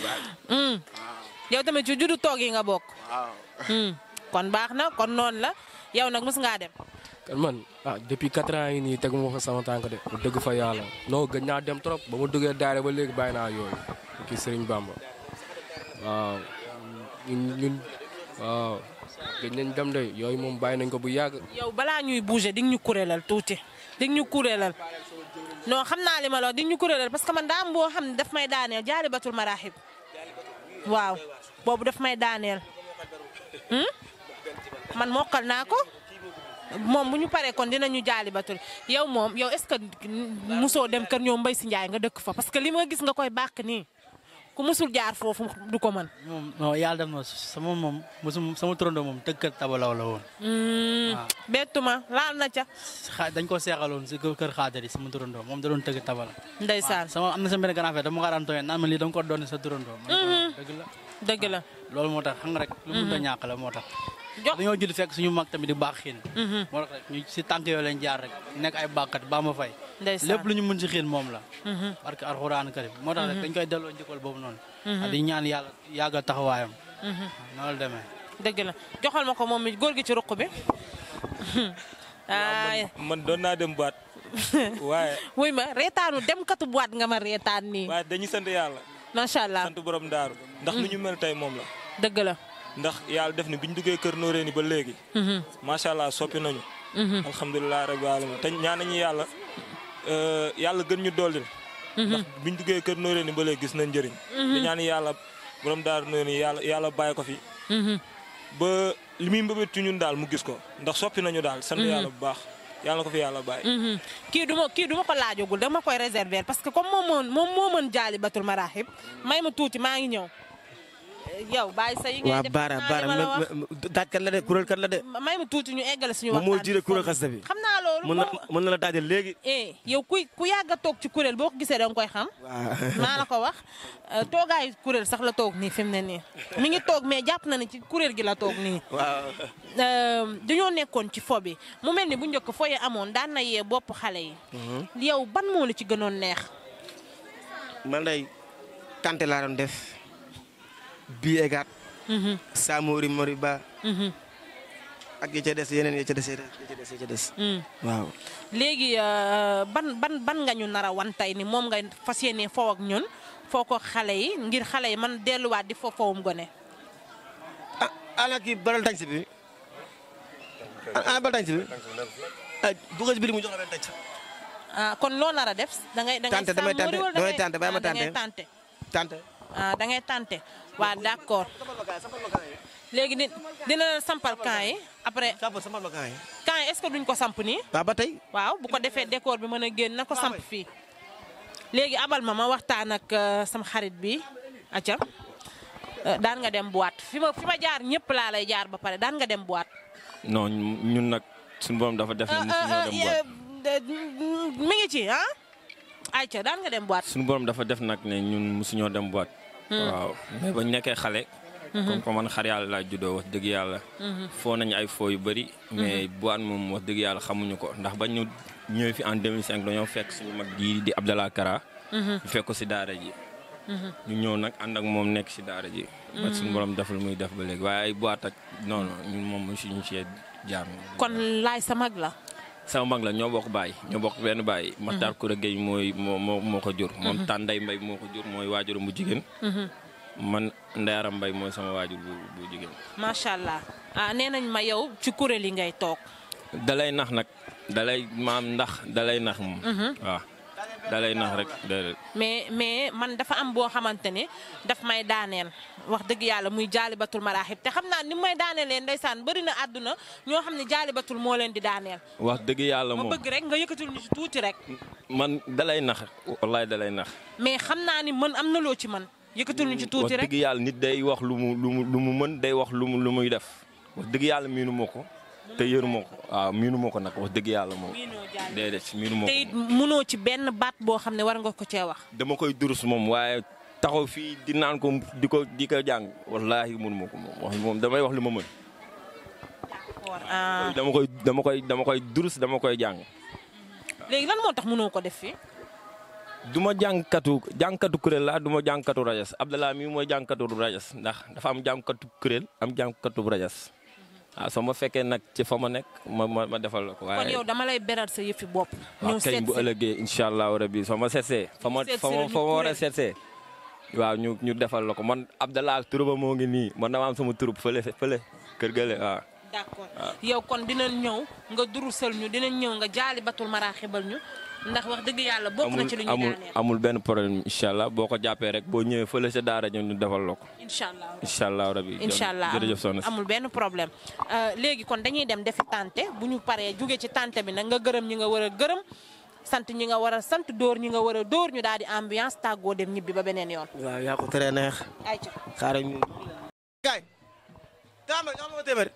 hmm. tamit ci toog yi nga bokk. Hmm. kon baax na kon noonu la yow nag mos ngaa dem. kon man ah, depuis quatre ans yi nii tegu ma ko sama tànk de. bu dëgg fa yàlla non gëj naa dem trop ba mu duggee daare ba léegi baay naa yooyu kii Serigne Bamba waaw ñun ñun dem de yooyu moom bàyyi nañ ko bu yàgg. yow balaa ñuy bouger di ñu kuréelal tuuti di ñu kuréelal. non xam naa li ma la di ñu kuréelal parce que man daam boo xam ne daf may daaneel jaali batul maraaxib waaw boobu daf may daaneel hmm? man mokkal naa ko moom bu ñu paree kon dinañu jaali batul yow moom yow est-ce que musoo dem kër ñoom mbay si njaay nga dëkk fa parce que li ma gis nga koy bàkk nii ku musul jaar foofu du ko man moom non yàlla dem na sama moom mosum sama turandoo moom tëgg tabalaw la woon. Hmm, waaw bettuma laal na ca. dañ ko seexaloon si kër xaadari sama turandoo moom da doon tëgg tabala. ndeysaan sama am na sama benn grand frère dama ko daan tooyee naan ma lii da ko doon sa turandoo. Hmm. dëgg la dëgg la. loolu moo tax xam nga rek. lu mënut hmm. a ñàkk la moo tax. dañoo judd fekk suñu mag tamit di xiin mhm. moo tax rek si tànk yooyu lañ jaar rek nekk ay bàkkat baa ma fay lépp lu ñu mën si xiin moom la parce mhm. que alxuraan karim moo tax rek mhm. dañ koy delloo njëkkal boobu noonu di ñaan yàlla yàggal taxawaayam noonu la demee dëgg la joxal ma ko moom mi góor gi ci ruq bi man doon naa dem baat waaye wuy ma reetaanu dem katu boîte nga ma reetaan nii waaye dañuy sant yàlla macha allah sant borom daaru ndax lu ñu mel tey moom la ndax yàlla def ni biñ ñu duggee kër Noreyni ba léegi. Mhm. macha allah soppi nañu. Mhm. alhamdulilah rabbil alamin te ñaan nañu yàlla euh, yàlla gën ñu dolli. Mhm. ndax bi ñu duggee kër Noreyni ba léegi gis nañ njëriñ. di ñaan yàlla borom daaru Noreyni yàlla yàlla bàyyi ko fi. ba li muy mbëbët ci ñun daal mu gis ko ndax soppi nañu daal. sant yàlla bu baax. yàlla ko fi yàlla bàyyi. kii du ma kii du ma ko laajagul dama koy réserver parce que comme moom moo moom moo mën jaali batul maraaxib may ma tuuti maa ngi ñëw. yow bàyyi sa yi ngay def baara baara daajkat la de kuréel kat la de. may ma tuuti ñu eggale suñu waxtaan bi moom mooy jiite kuréel xasida bi. xam naa na mën na la daajal léegi. Eh, yow kuy ku yàgg toog ci kuréel boo ko gisee da koy xam. maa la ko wax eh, toogaayu kuréel sax la toog nii fim ne nii. mi ngi toog mais jàpp na ne ci kuréel gi la toog nii. waaw. Eh, dañoo nekkoon ci fo bi mu mel ni bu njëkk fo yi amoon daan na yee bopp xale yi. Mhm. yow ban moo la ci gënoon neex. man day tante laa doon def bii egaat mm-hmm. saamoori mori ba mm-hmm. ak yi ca des yeneen yi ca des yi ca des mm. waaw léegi euh, ban ban ban nga ñu nar a ni moom nga fas yéenee foow ak ñun foo ko xale yi ngir xale yi man delluwaat di foo fowum gone ah ana kii baral tañ si a ana baral tañ si bi ah, ah, ah, kon loo nar a def tante tante ah da ngay tànte waa d' accord léegi ni dina sampal camp yi après. sampal camp yi. camp yi est ce que duñ ko samp nii. waaw ba tey. waaw bu ko defee décor bi mën a génn na ko samp fii. léegi abal ma ma waxtaan ak euh, sama xarit bi acca euh, daan nga dem boîte fi ma fi ma jaar ñëpp laa lay jaar ba pare daan nga dem boîte. non ñun nag suñu borom dafa def. Euh, mi ngi ci ah. daan nga dem boîte. suñu borom dafa def nag ne ñun mosuñoo dem boîte. Mm. waaw mais bañ nekkee xale. Mm-hmm. comme que man xar yàlla laa juddoo wax dëgg yàlla. Mm-hmm. foo nañu ay foo yu bëri. mais mm-hmm. Bougane moom wax dëgg yàlla xamuñu ko ndax bañ ñu ñëw fi en 2005 dañoo fekk suñu mag ji di Abdallah Kara. ñu fekk ko si daara ji. ñu ñëw nag ànd ak moom nekk si daara ji. parce que suñu borom deful muy def ba léegi waaye ay boîte ak non non ñun moom ñu si ñu cee kon laay sa mag la. sama mag la ñoo bokk baay ñoo bokk benn baay. Matar Koura Gueye mooy moo moo moo ko jur. moom mhm. Tànday Mbay moo ko jur mooy waajur bu jigéen. Mhm. man Ndayaram Mbay mooy sama waajur bu bu jigéen. macha allah ah nee nañ ma yow ci kuréel yi ngay toog. dalay nax nag dalay maam ndax dalay nax moom. Mhm. waaw dalay nax rek mais mais man dafa am boo xamante ne daf may daaneel. wax dëgg yàlla muy jaalibatul maraaxib te xam naa ni may daanelee ndeysaan bëri na àdduna ñoo xam ne jaalibatul moo leen di daaneel. wax dëgg yàlla moom ma bëgg rek nga yëkkatul ñu tuuti rek. man dalay nax wallaay dalay nax. mais xam naa ni man am na loo ci man yëkkatul ñu ci tuuti rek yàlla nit day wax lu mu lu mu lu mu mën day wax lu mu lu muy def wax dëgg yàlla miinu ko. te yëru ma ko waaw miinu ko nag wax dëgg yàlla moom. déedéet miinu ma ko te it mënoo ci benn baat boo xam ne war nga ko cee wax. dama koy durus moom waaye taxaw fii di naan ko di ko di ko jàng wallaahi mënu moom damay wax li ma mën. Euh. dama koy dama koy dama koy durus dama koy jàng. léegi lan moo tax mënoo ko def fii. du ma jàngkatu jàngkatu kuréel laa du ma jàngkatu rajas Abdallah mii mooy jàngkatu rajas ndax dafa am jàngkatu kuréel am jàngkatu rajas waaw ah, soo ma fekkee nag ci fa ma nekk ma ma ma defal la ko. waaye kon yow dama lay beral sa yëfi bopp. Ah, ñëw seet si waaw bu ëllëgee incha allah soo ma seetsee. fa ma war a seetsee. waaw ñu ñu defal la ko man Abdallah turuba moo ngi nii man dama am sama turub fële fële kër gële waaw. d'accord yow kon dina ñëw nga durusal ñu dina ñëw nga jaali batul maraaxibal ñu ndax wax dëgg yàlla bokk na ci lu ñu amul amul benn problème incha allah boo ko jàppee rek boo ñëwee fële sa daara ñëw ñu defal la ko. incha allah incha allah rabi incha allah jërëjëf si amul benn problème. Euh, léegi kon dañuy dem defi tante bu ñu paree jugee ci tante bi nag nga gërëm ñi nga war a gërëm. sant ñi nga war a sant door ñi nga war a dóor ñu daal di ambiance tàggoo dem ñibbi ba beneen yoon. waaw yaa ko tere neex. ayca xaaral ñu. gaay tàmbali ñoo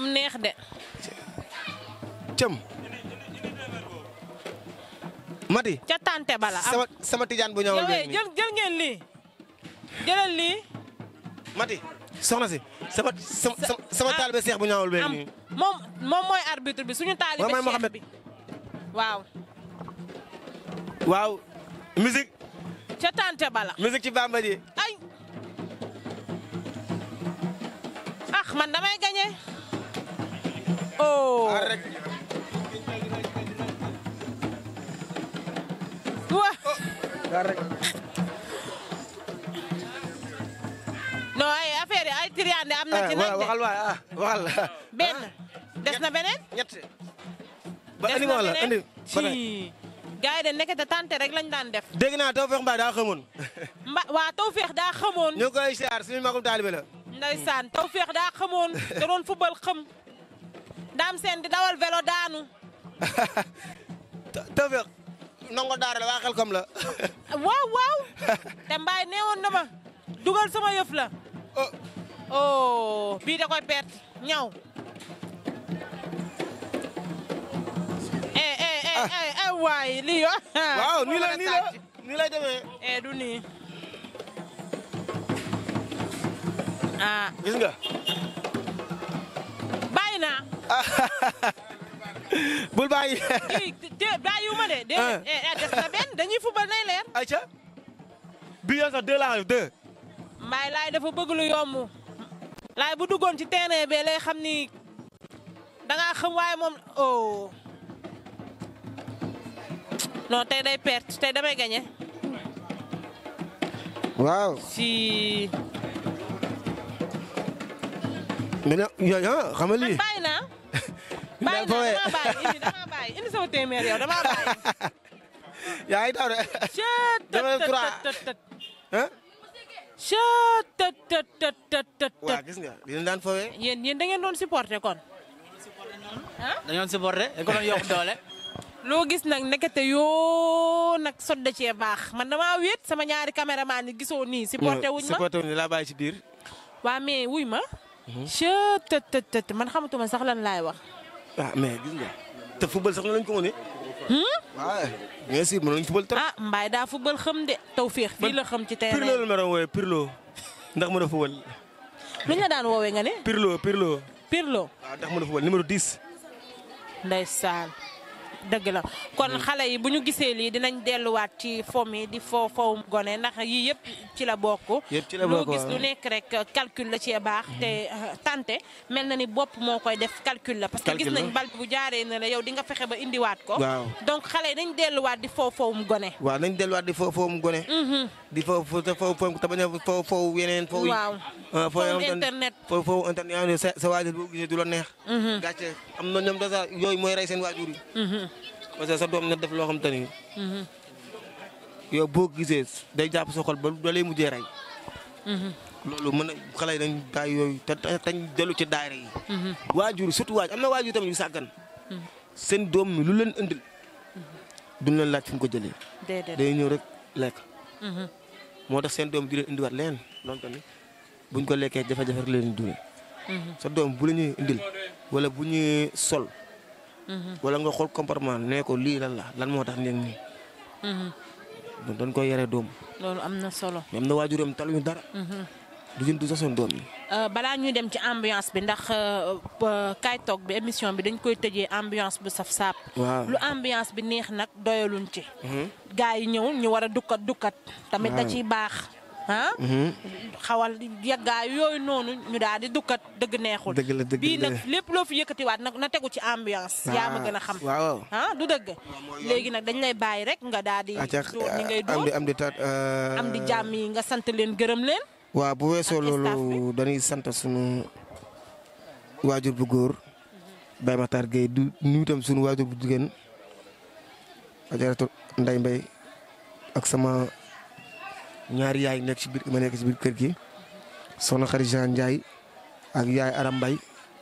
mu neex de. cëm. Mati. ca tante bala am sama sama tijaan bu ñëw eh, jël ngeen lii jëlal lii. Mati. soxna si sama sama sama ah, taalibe seex bu ñaawul bee nii. moom mooy arbitre bi suñu taalibe seex bi waaw. waaw. musique. ca tante bala. musique ci bamba ji. ay. ah man damay gagné. oh. non ay affaire yi ay triande am na eh, ci nañ waxal waay ah waxal benn des na beneen ñett ba andi ma la andi gars de nekk tante rek lañ daan def dégg naa Tawfekh Mbaye daa xamoon mba waa Tawfekh daa xamoon ñu koy siyaar suñu magum taalibe la ndeysaan Tawfekh daa xamoon da doon football xam daam seen di dawal vélo daanu Tawfekh nongo daara la waa xel kom la waaw waaw te mbaay neewoon na ma dugal sama yëf la Oh. oh bii da koy perte ñaw. eh, eh, eh, eh waay lii yo. waaw nii la nii la nii lay demee. eh du nii. ah. gis nga. bàyyi naa. bul bàyyi. kii te de. déedéet ah. des na benn dañuy fubal nay leer. ayca. bii yaa ngi sax Baye laay dafa bëgg lu yomb laay bu duggoon ci terrain bi lay xam ni dangaa xam waaye moom oh non tey day perte tey damay gagné. waaw si. mais yooyu ah xam nga lii man naa. bàyyi naa damaa bàyyi indi damaa bàyyi indi sama téeméer yow damaa bàyyi. yaa ngi taw chat tët tët tët tët tët. gis nga li ñu daan fowee. yéen yéen da ngeen doon supporter kon. ah dañoo supporter dañ ko loo gis nag nekkate yoo nag sodda cee baax man na damaa wéet sama ñaari caméraman yi gisoo nii. ni wuñ ma supporter wuñ laa bàyyi ci biir. waa mais wuy ma. chat mhm. tët man xamatuma sax lan laay wax. ah mais gis nga te football sax lañ ko waaw bien sûr mënoon fubal trop. ah Mbaye daa fubal xam de tawféex fii la xam ci terrain Pirlo la ma doon woowee Pirlo ndax mën a fubal. luñ la daan woowee nga ne. Pirlo Pirlo. Pirlo. waaw ah, ndax mën a fubal numéro 10. ndeysaan. dëgg la kon mm. xale yi bu ñu gisee lii dinañ delluwaat ci fo mi di fo fow gone ndax yii yëpp ci la bokk. yëpp ci la bokk lu gis lu nekk rek uh, calcul la cee baax. Mm. te uh, tante mel na ni bopp moo koy def calcul la. parce que gis nañ bal bu jaaree na la yow di nga fexe ba indiwaat ko. waaw donc xale yi nañ delluwaat di fo fowum gone. waaw nañ delluwaat di fo fowum gone. Mm-hmm. di fo fo te fo a fo fow yeneen. fo uh, internet fo fo internet sa waajur boo neex. Mm-hmm. am na ñoom dèjà yooyu mooy rey seen waajur parce que sa doom na def loo xam te ni. yow boo gisee day jàpp sa xol ba da lay mujjee rey. loolu mën na xale yi dañ daay yooyu te tañ dellu ci daayira yi. waajur surtout waajur am na waajur tamit yu sàggan. seen doom mi lu leen indil. duñ leen laaj fi mu ko jëlee. lekk. Mhm. moo tax seen doom di leen indiwaat leen loolu tamit buñ ko lekkee jafe-jafe rek leen di dundee. Mhm. sa bu la ñuy indil wala bu sol. wala nga xool comportement ne ko lii lan la lan moo tax nekk nii. Mhm. donc dañ koy yare doom. loolu am na solo. am na waajuram taluñu dara. Mhm. du jënd sax seen doom euh, balaa ñuy dem ci ambiance bi ndax euh, kaay toog bi émission bi dañ koy tëjee ambiance bu saf saap. waaw lu ambiance bi neex nag doyaluñ ci. Mhm. gars yi ñëw ñu war a dukkat dukkat. tamit da ciy baax. ah. xawal yàggaay yooyu noonu ñu daal di dukkat dëgg neexul. dëgg bii nag lépp loo fi yëkkatiwaat nag na tegu ci ambiance. Ah, yaa gën a xam waaw du dëgg. léegi nag dañ lay bàyyi rek nga daal di. Ah, doon euh, am di jàmm yi nga sant leen gërëm leen. waa bu weesoo loolu dañuy sant sunu waajur bu góor. Baye Matar Gueye du nuyu tam sunu waajur bu jigéen. ajaratu Ndeye Mbaye ak sama. ñaari yaay nekk ci biir ma si biir kër gi soxna Xarija Njaay ak yaay Aram Mbay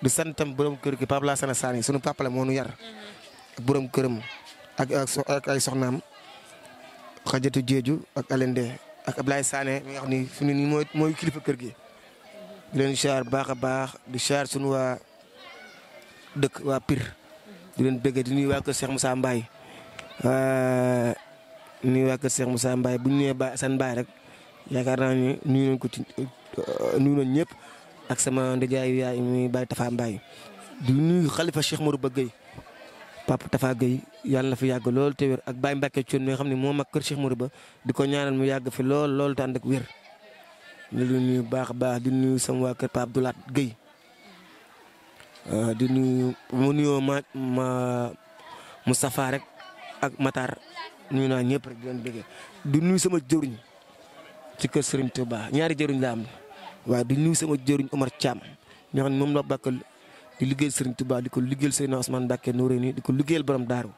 di santam borom kër gi Pape Lassana Sani sunu papa moo nu yar mm-hmm. borom këram ak ak ay soxnaam xajatu jeeju ak alende ak Ablaye Sané mi nga xam ni fi mooy mooy kilifa kër gi. di leen siyaar baax a baax di siyaar sunu waa dëkk waa Pire mm-hmm. di leen bëgg di nuyu waa kër Cheikh Moussa Mbaye nuyu waa kër Cheikh Moussa Mbaye bu ñu nuyee Baye Assane Mbaye rek yaakaar naa ni nuyu nañ ko ci euh, ñëpp ak sama ndijaayu yaay muy Baye Tafa Mbaye di nuyu xalifa Cheikh Modou Ba Gueye Papa Tafa Gueye yàlla na fi yàgg lool te wér ak Baye Mbacke xam ne moom ak kër Cheikh Modou Ba di ko ñaanal mu yàgg fi lool lool te ànd baax a baax di nuy sama waa kër Pape Abdoulaye euh, di nuyu mu nuyoo ma ma Moustapha rek ak Matar nuyu naa ñëpp rek di leen bëggee du nuyu sama jëriñ ci kër Serigne Touba ñaari jëriñ laa am waaye du nuyu sama jëriñ Omar Thiam ñoo xam moom la bàkkal di liggéeyal Serigne tubaa di ko liggéeyal Seydina Ousmane Mbacké Noreyni di ko liggéeyal borom Daaru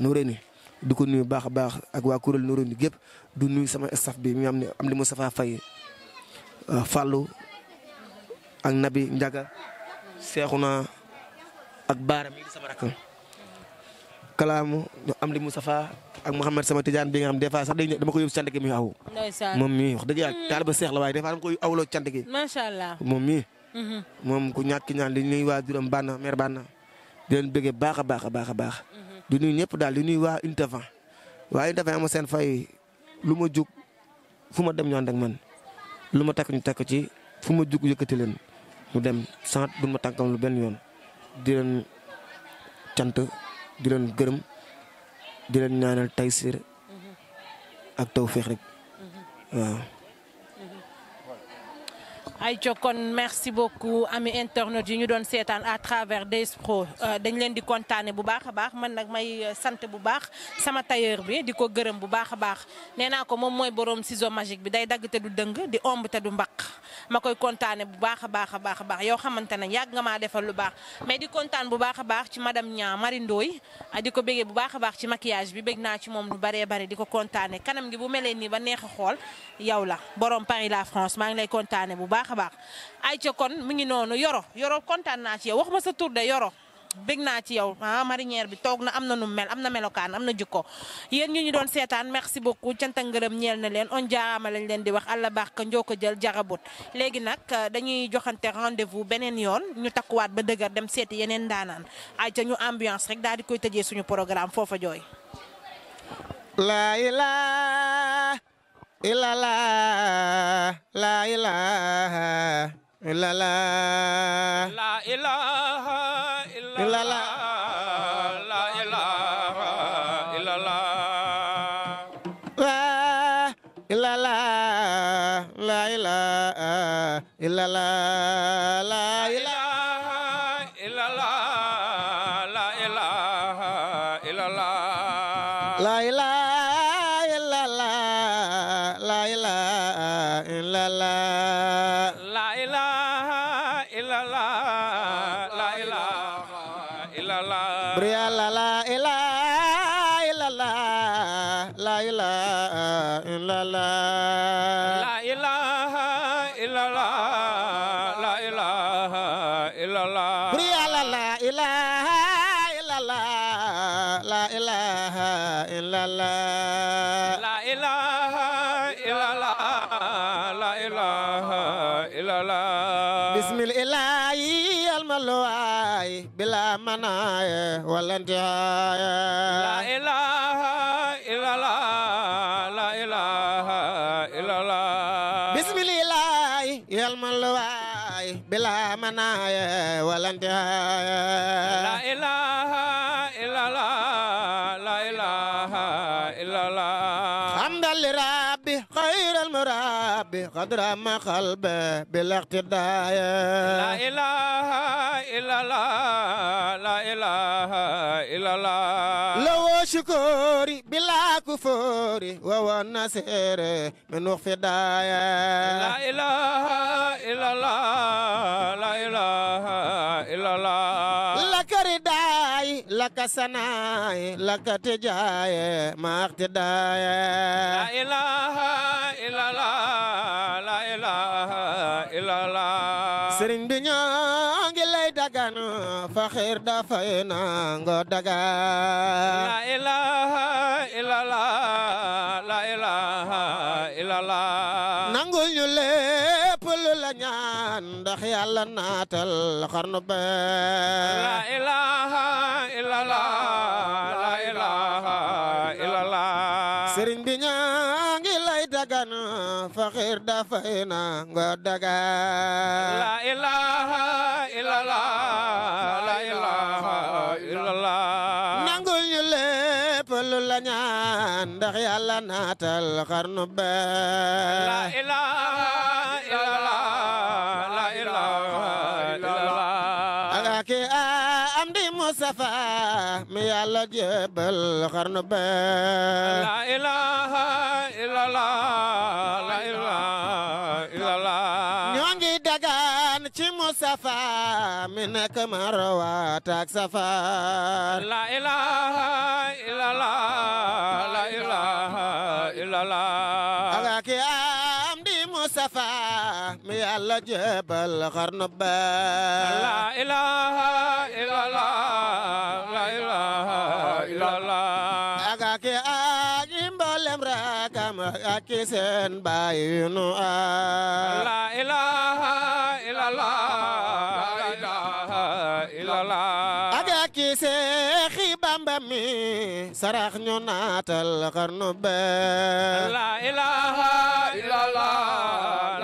Noreyni di ko nuyu baax a baax ak waa kuréel Noreyni gépp du nuyu sama staff bi mu am ne am li Moustapha Faye euh, Fallou ak Nabi Ndiaga Seexuna ak Baara mi di sama rakk kalaamu am li Moustapha ak Mouhamed sama tijaan bi nga xam des fois sax day dama ko yóbbu cant gi muy aw. moom mii wax dëgg yàlla mm. taaliba seex la waaye des dama koy awloo cant gi. macha allah moom mii. Mm-hmm. moom ku ki ñaan li ñuy waa juróom baana meer bànn di leen bëggee baax a baax a baax a baax. Mm-hmm. du nuyu ñëpp daal di nuyu waa unité vingt waa unité vingt ma seen fay lu ma jug fu ma dem ñoon ak man lu ma takk ñu takk ci fu ma jug yëkkati leen mu dem sant du ma tànkam lu benn yoon di leen cant di leen gërëm. di leen ñaanal taysir ak tawféex rek waaw. ayca merci beaucoup ami internet yu ñu doon seetaan à travers DS Prod euh, dañ leen di kontaane bu baax a baax man nag may euh, sant bu baax sama tailleur bi di ko gërëm bu baax a baax nee naa ko moom mooy borom ciseau magique bi day dagg te du dëng di omb te du mbaq. ma koy kontaane bu baax a baax a baax a baax yoo xamante ne yàgg nga maa defal lu baax mais di kontaan bu baax a baax ci madame ñaa Marie Ndoye di ko bégee bu baax a baax ci maquillage bi bég naa ci moom lu baree bare di ko kontaane kanam gi bu melee nii ba neex a xool yow la borom Paris la France maa ngi lay kontaane bu baax a baax ay ca kon mu ngi noonu yoro yoro kontaan naa ci yow wax ma sa tur de yoro bég naa ci yow ah marinière bi toog na am na nu mel am na melokaan am na jikko yéen ñu ñu doon seetaan merci beaucoup cant ak ngërëm ñeel na leen on jaaraama lañ leen di wax àlla baax ka njoo ko jël jarabut léegi nag euh, dañuy joxante rendez-vous beneen yoon ñu takkuwaat ba dëgër dem seet yeneen daanaan ay ca ñu ambiance rek daal di koy tëjee suñu programme foofa jooy laa ilaaha illallah laa ilaaha illallah laa illallah la ilaha illallah la ilaha bismil ilahi al malwai bila manaya wal intihaya أدرم قلبي بالاقتداء لا إله إلا الله لا إله إلا الله لو شكوري بلا كفوري وهو النصير من وقف دايا لا إله إلا الله لا إله إلا الله لك رداي لك سناي لك تجاي ما اقتدايا لا إله faxir dafay nango daga la ilaha illallah la ilaha illallah nangul ñu lépp lu la ñaan ndax yàlla naatal xarnu be la ilaha illallah na faxir dafay na ngor daga la ilaha illallah la ilaha illallah nangul ñu lu la ñaan ndax yàlla naatal xarnu be la ilaha illallah la ilaha illallah aga ke am di Mustafa mi yàlla jébal xarnu be la ilaha nekk marwa tak safa la ilaha illallah la ilaha illallah aga ki am di mustafa mi yàlla jebal xarnu ba la ilaha illallah la ilaha illallah aga ki imbalem rakam ak seen bayu nu a la ilaha sarax ñu naatal xarnu bee la ilaha illallah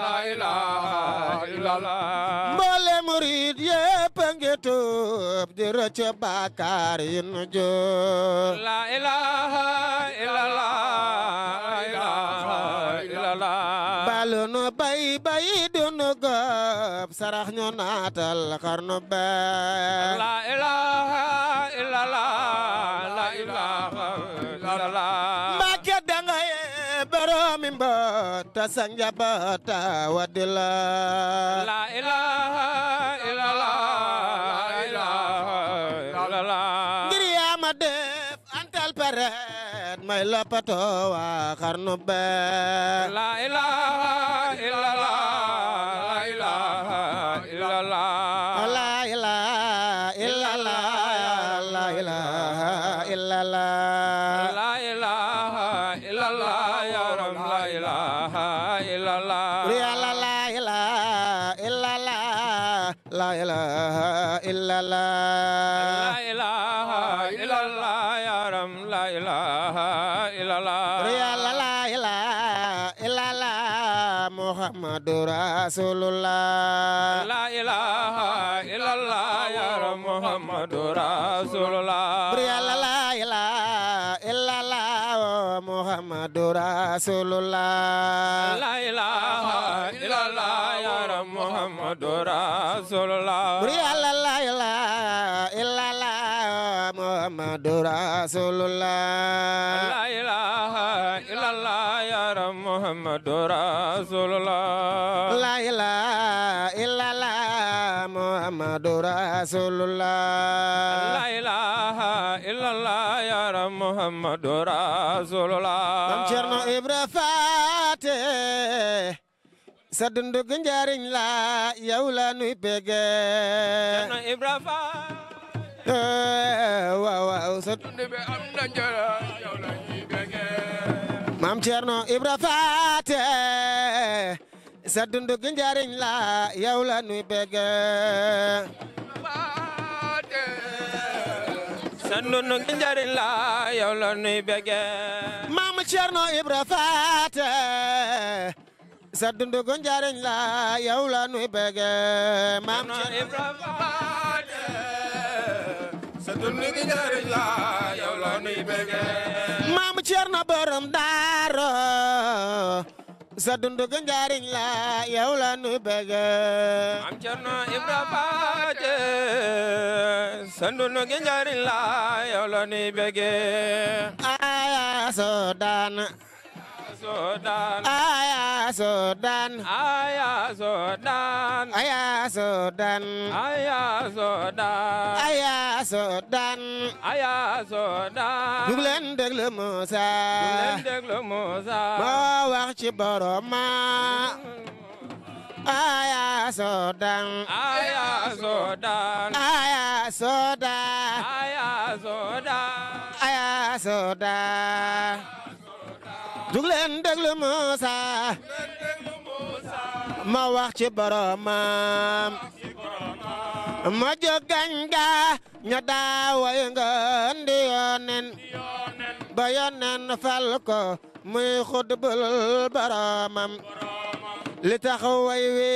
la ilaha illallah mboole murid yépp ngi tuub di rëcc bàkkaar yi nu jóor la ilaha illallah la ilaha illallah balu nu bay bay dunu gob sarax ñu naatal xarnu la ilaha ta sa njaboota wa di la la ilaha illallah ngir yaa ma def antal peret may lopato wa xarnu be la ilaha illallah rasulullah la ilaha illallah ya muhammadu rasulullah yàlla la ilaha illallah muhammadu rasulullah la ilaha illallah ya muhammadu rasulullah yàlla la ilaha illallah muhammadu rasulullah محمد رسول الله لا إله إلا الله محمد رسول الله لا إله إلا الله يا محمد رسول الله مام Cerno Ibra Faty sa dundu gu njariñ la yow la nuy bége Cerno sa dundu bi maam Thierno Ibra Faate sa dundu gi njariñ la yow la nuy bëgg sa dundu gi njariñ la yow la nuy bëgg maam Thierno Ibra Faate sa dundu gi njariñ la yow la nuy bëgg maam Thierno Ibra Faate sa dundu gi njariñ la maam Cerno borom daaro sa dundu ga njariñ la yow la nuy bëgg maam Cerno Ibra Faate sa dundu ga njariñ la yow la nuy bëgg aya so daana Sudan leen déglu Musa dug leen wax ci boroma aya ma wax ci boromam ma jóg gañ ga ña daaway nga ndi yonen ba yonen fal ko muy xutbul boromam li tax way wi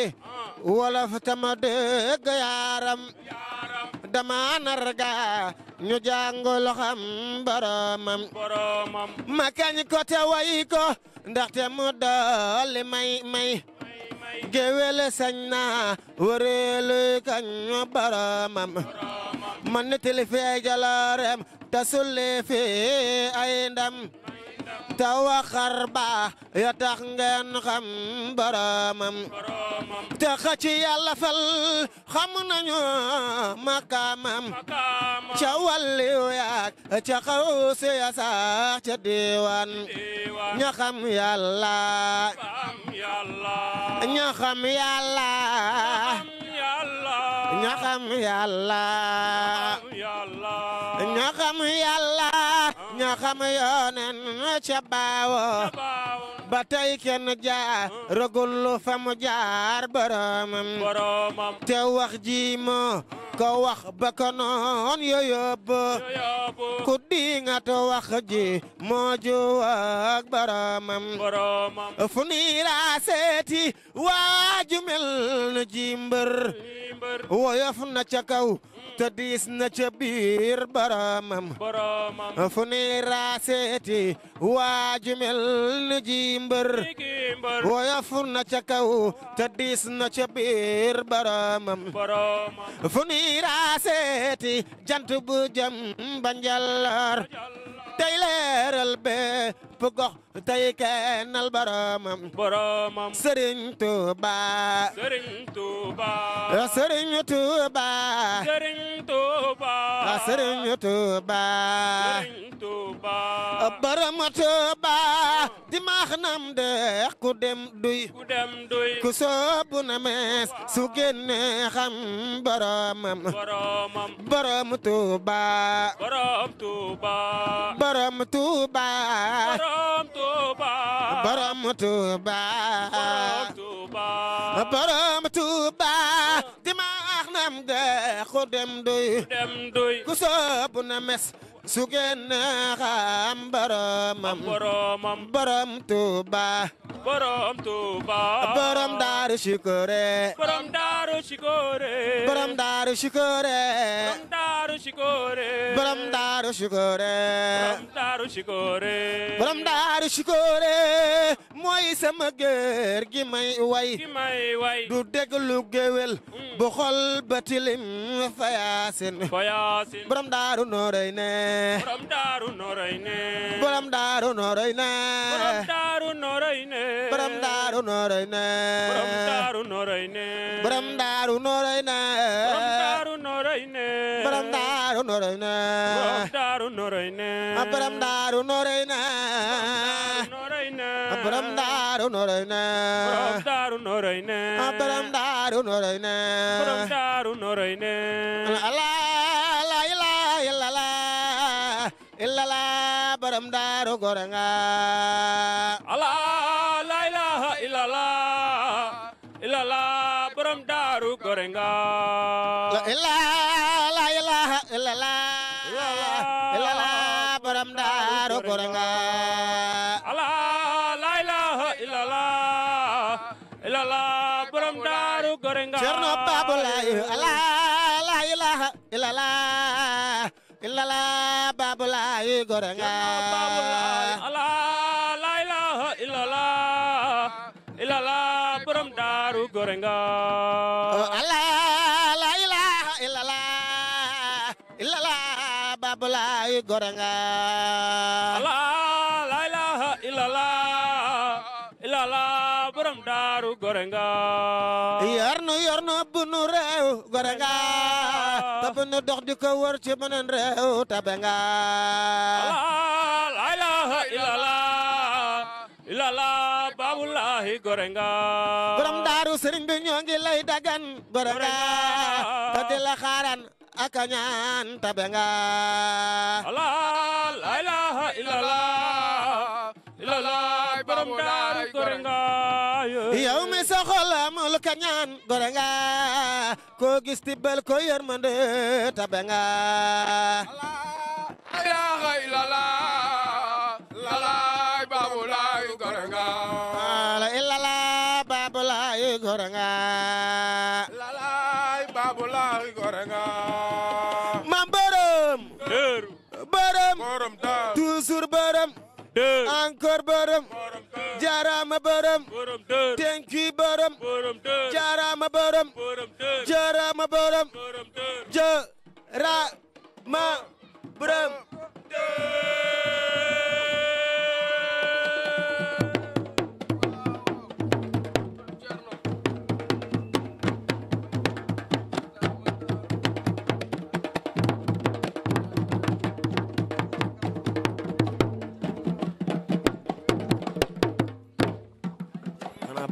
wolof tama dégg yaaram dama narga ñu jàngul xam ma kañ ko te way ko ndaxte mu dolli may may géwél sañ naa wëreelu kañ boromam man ni tili fee jaloorem te sulli fee te waxar ba ya tax ngeen xam boromam te xëcc yàlla fal xam nañu makamam ca walliw yaak ca xawsi ya ca diiwaan ña xam yàlla ña xam yàlla ña xam yàlla ña xam yoonen ca baawo ba tey kenn jaar mm. rogul fa mu jaar boromam te wax ji moo ko wax ba ko noon ku di nga wax ji moo ju ak fu nii laa seeti waaju mel na ji mbër woyof na ca kaw te diis na ca biir boromam fu ni raaseeti waaju mel ni ji mbër woyof na ca kaw te diis na ca biir boromam fu ni raaseeti jant bu jëm njallar tey leeral be bépp gox tey kennal boromam boromam Serigne Touba Serigne Touba Serigne Touba Serigne Touba nam de ku dem duy ku soobu na mees su génne xam boromam boromam borom Touba borom Touba borom Touba borom nam de ku duy ku soobu na mes su génn xam boromam borom borom Touba borom Daaru Shikore borom Daaru Shikore borom Daaru Shikore borom Daaru Shikore borom Daaru Shikore borom Daaru Shikore borom Daaru Shikore mooy sama géer gi may way du déglu géwél bu xol ba tilim fayaasin daaru nooray ne borom daaru nooray ne borom daaru nooray ne borom daaru nooray ne borom daaru nooray ne borom daaru nooray ne borom daaru nooray ne borom daaru nooray gore nga gore nga yar nu yor nu ëpp nu di ko wër ci beneen réew tabe nga la ilaha illallah illallah babulahi gore daaru sëriñ bi ñoo lay dagan gore nga di la xaaran a ñaan tabe nga la ilaha illallah illallah daaru gore ka ñaan gore koo gis tibbal ko yërmande tabe nga la ilaha illallah lalaay baabu laay gore nga la illallah baabu laay gore nga lalaay baabu laay gore nga mam jaaraama borom thank you borom jaaraama borom jaaraama borom jaaraama borom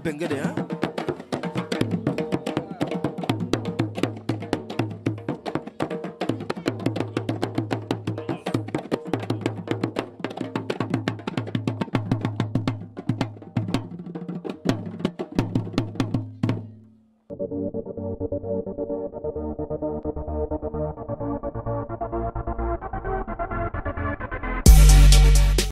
bëgg nga de ah.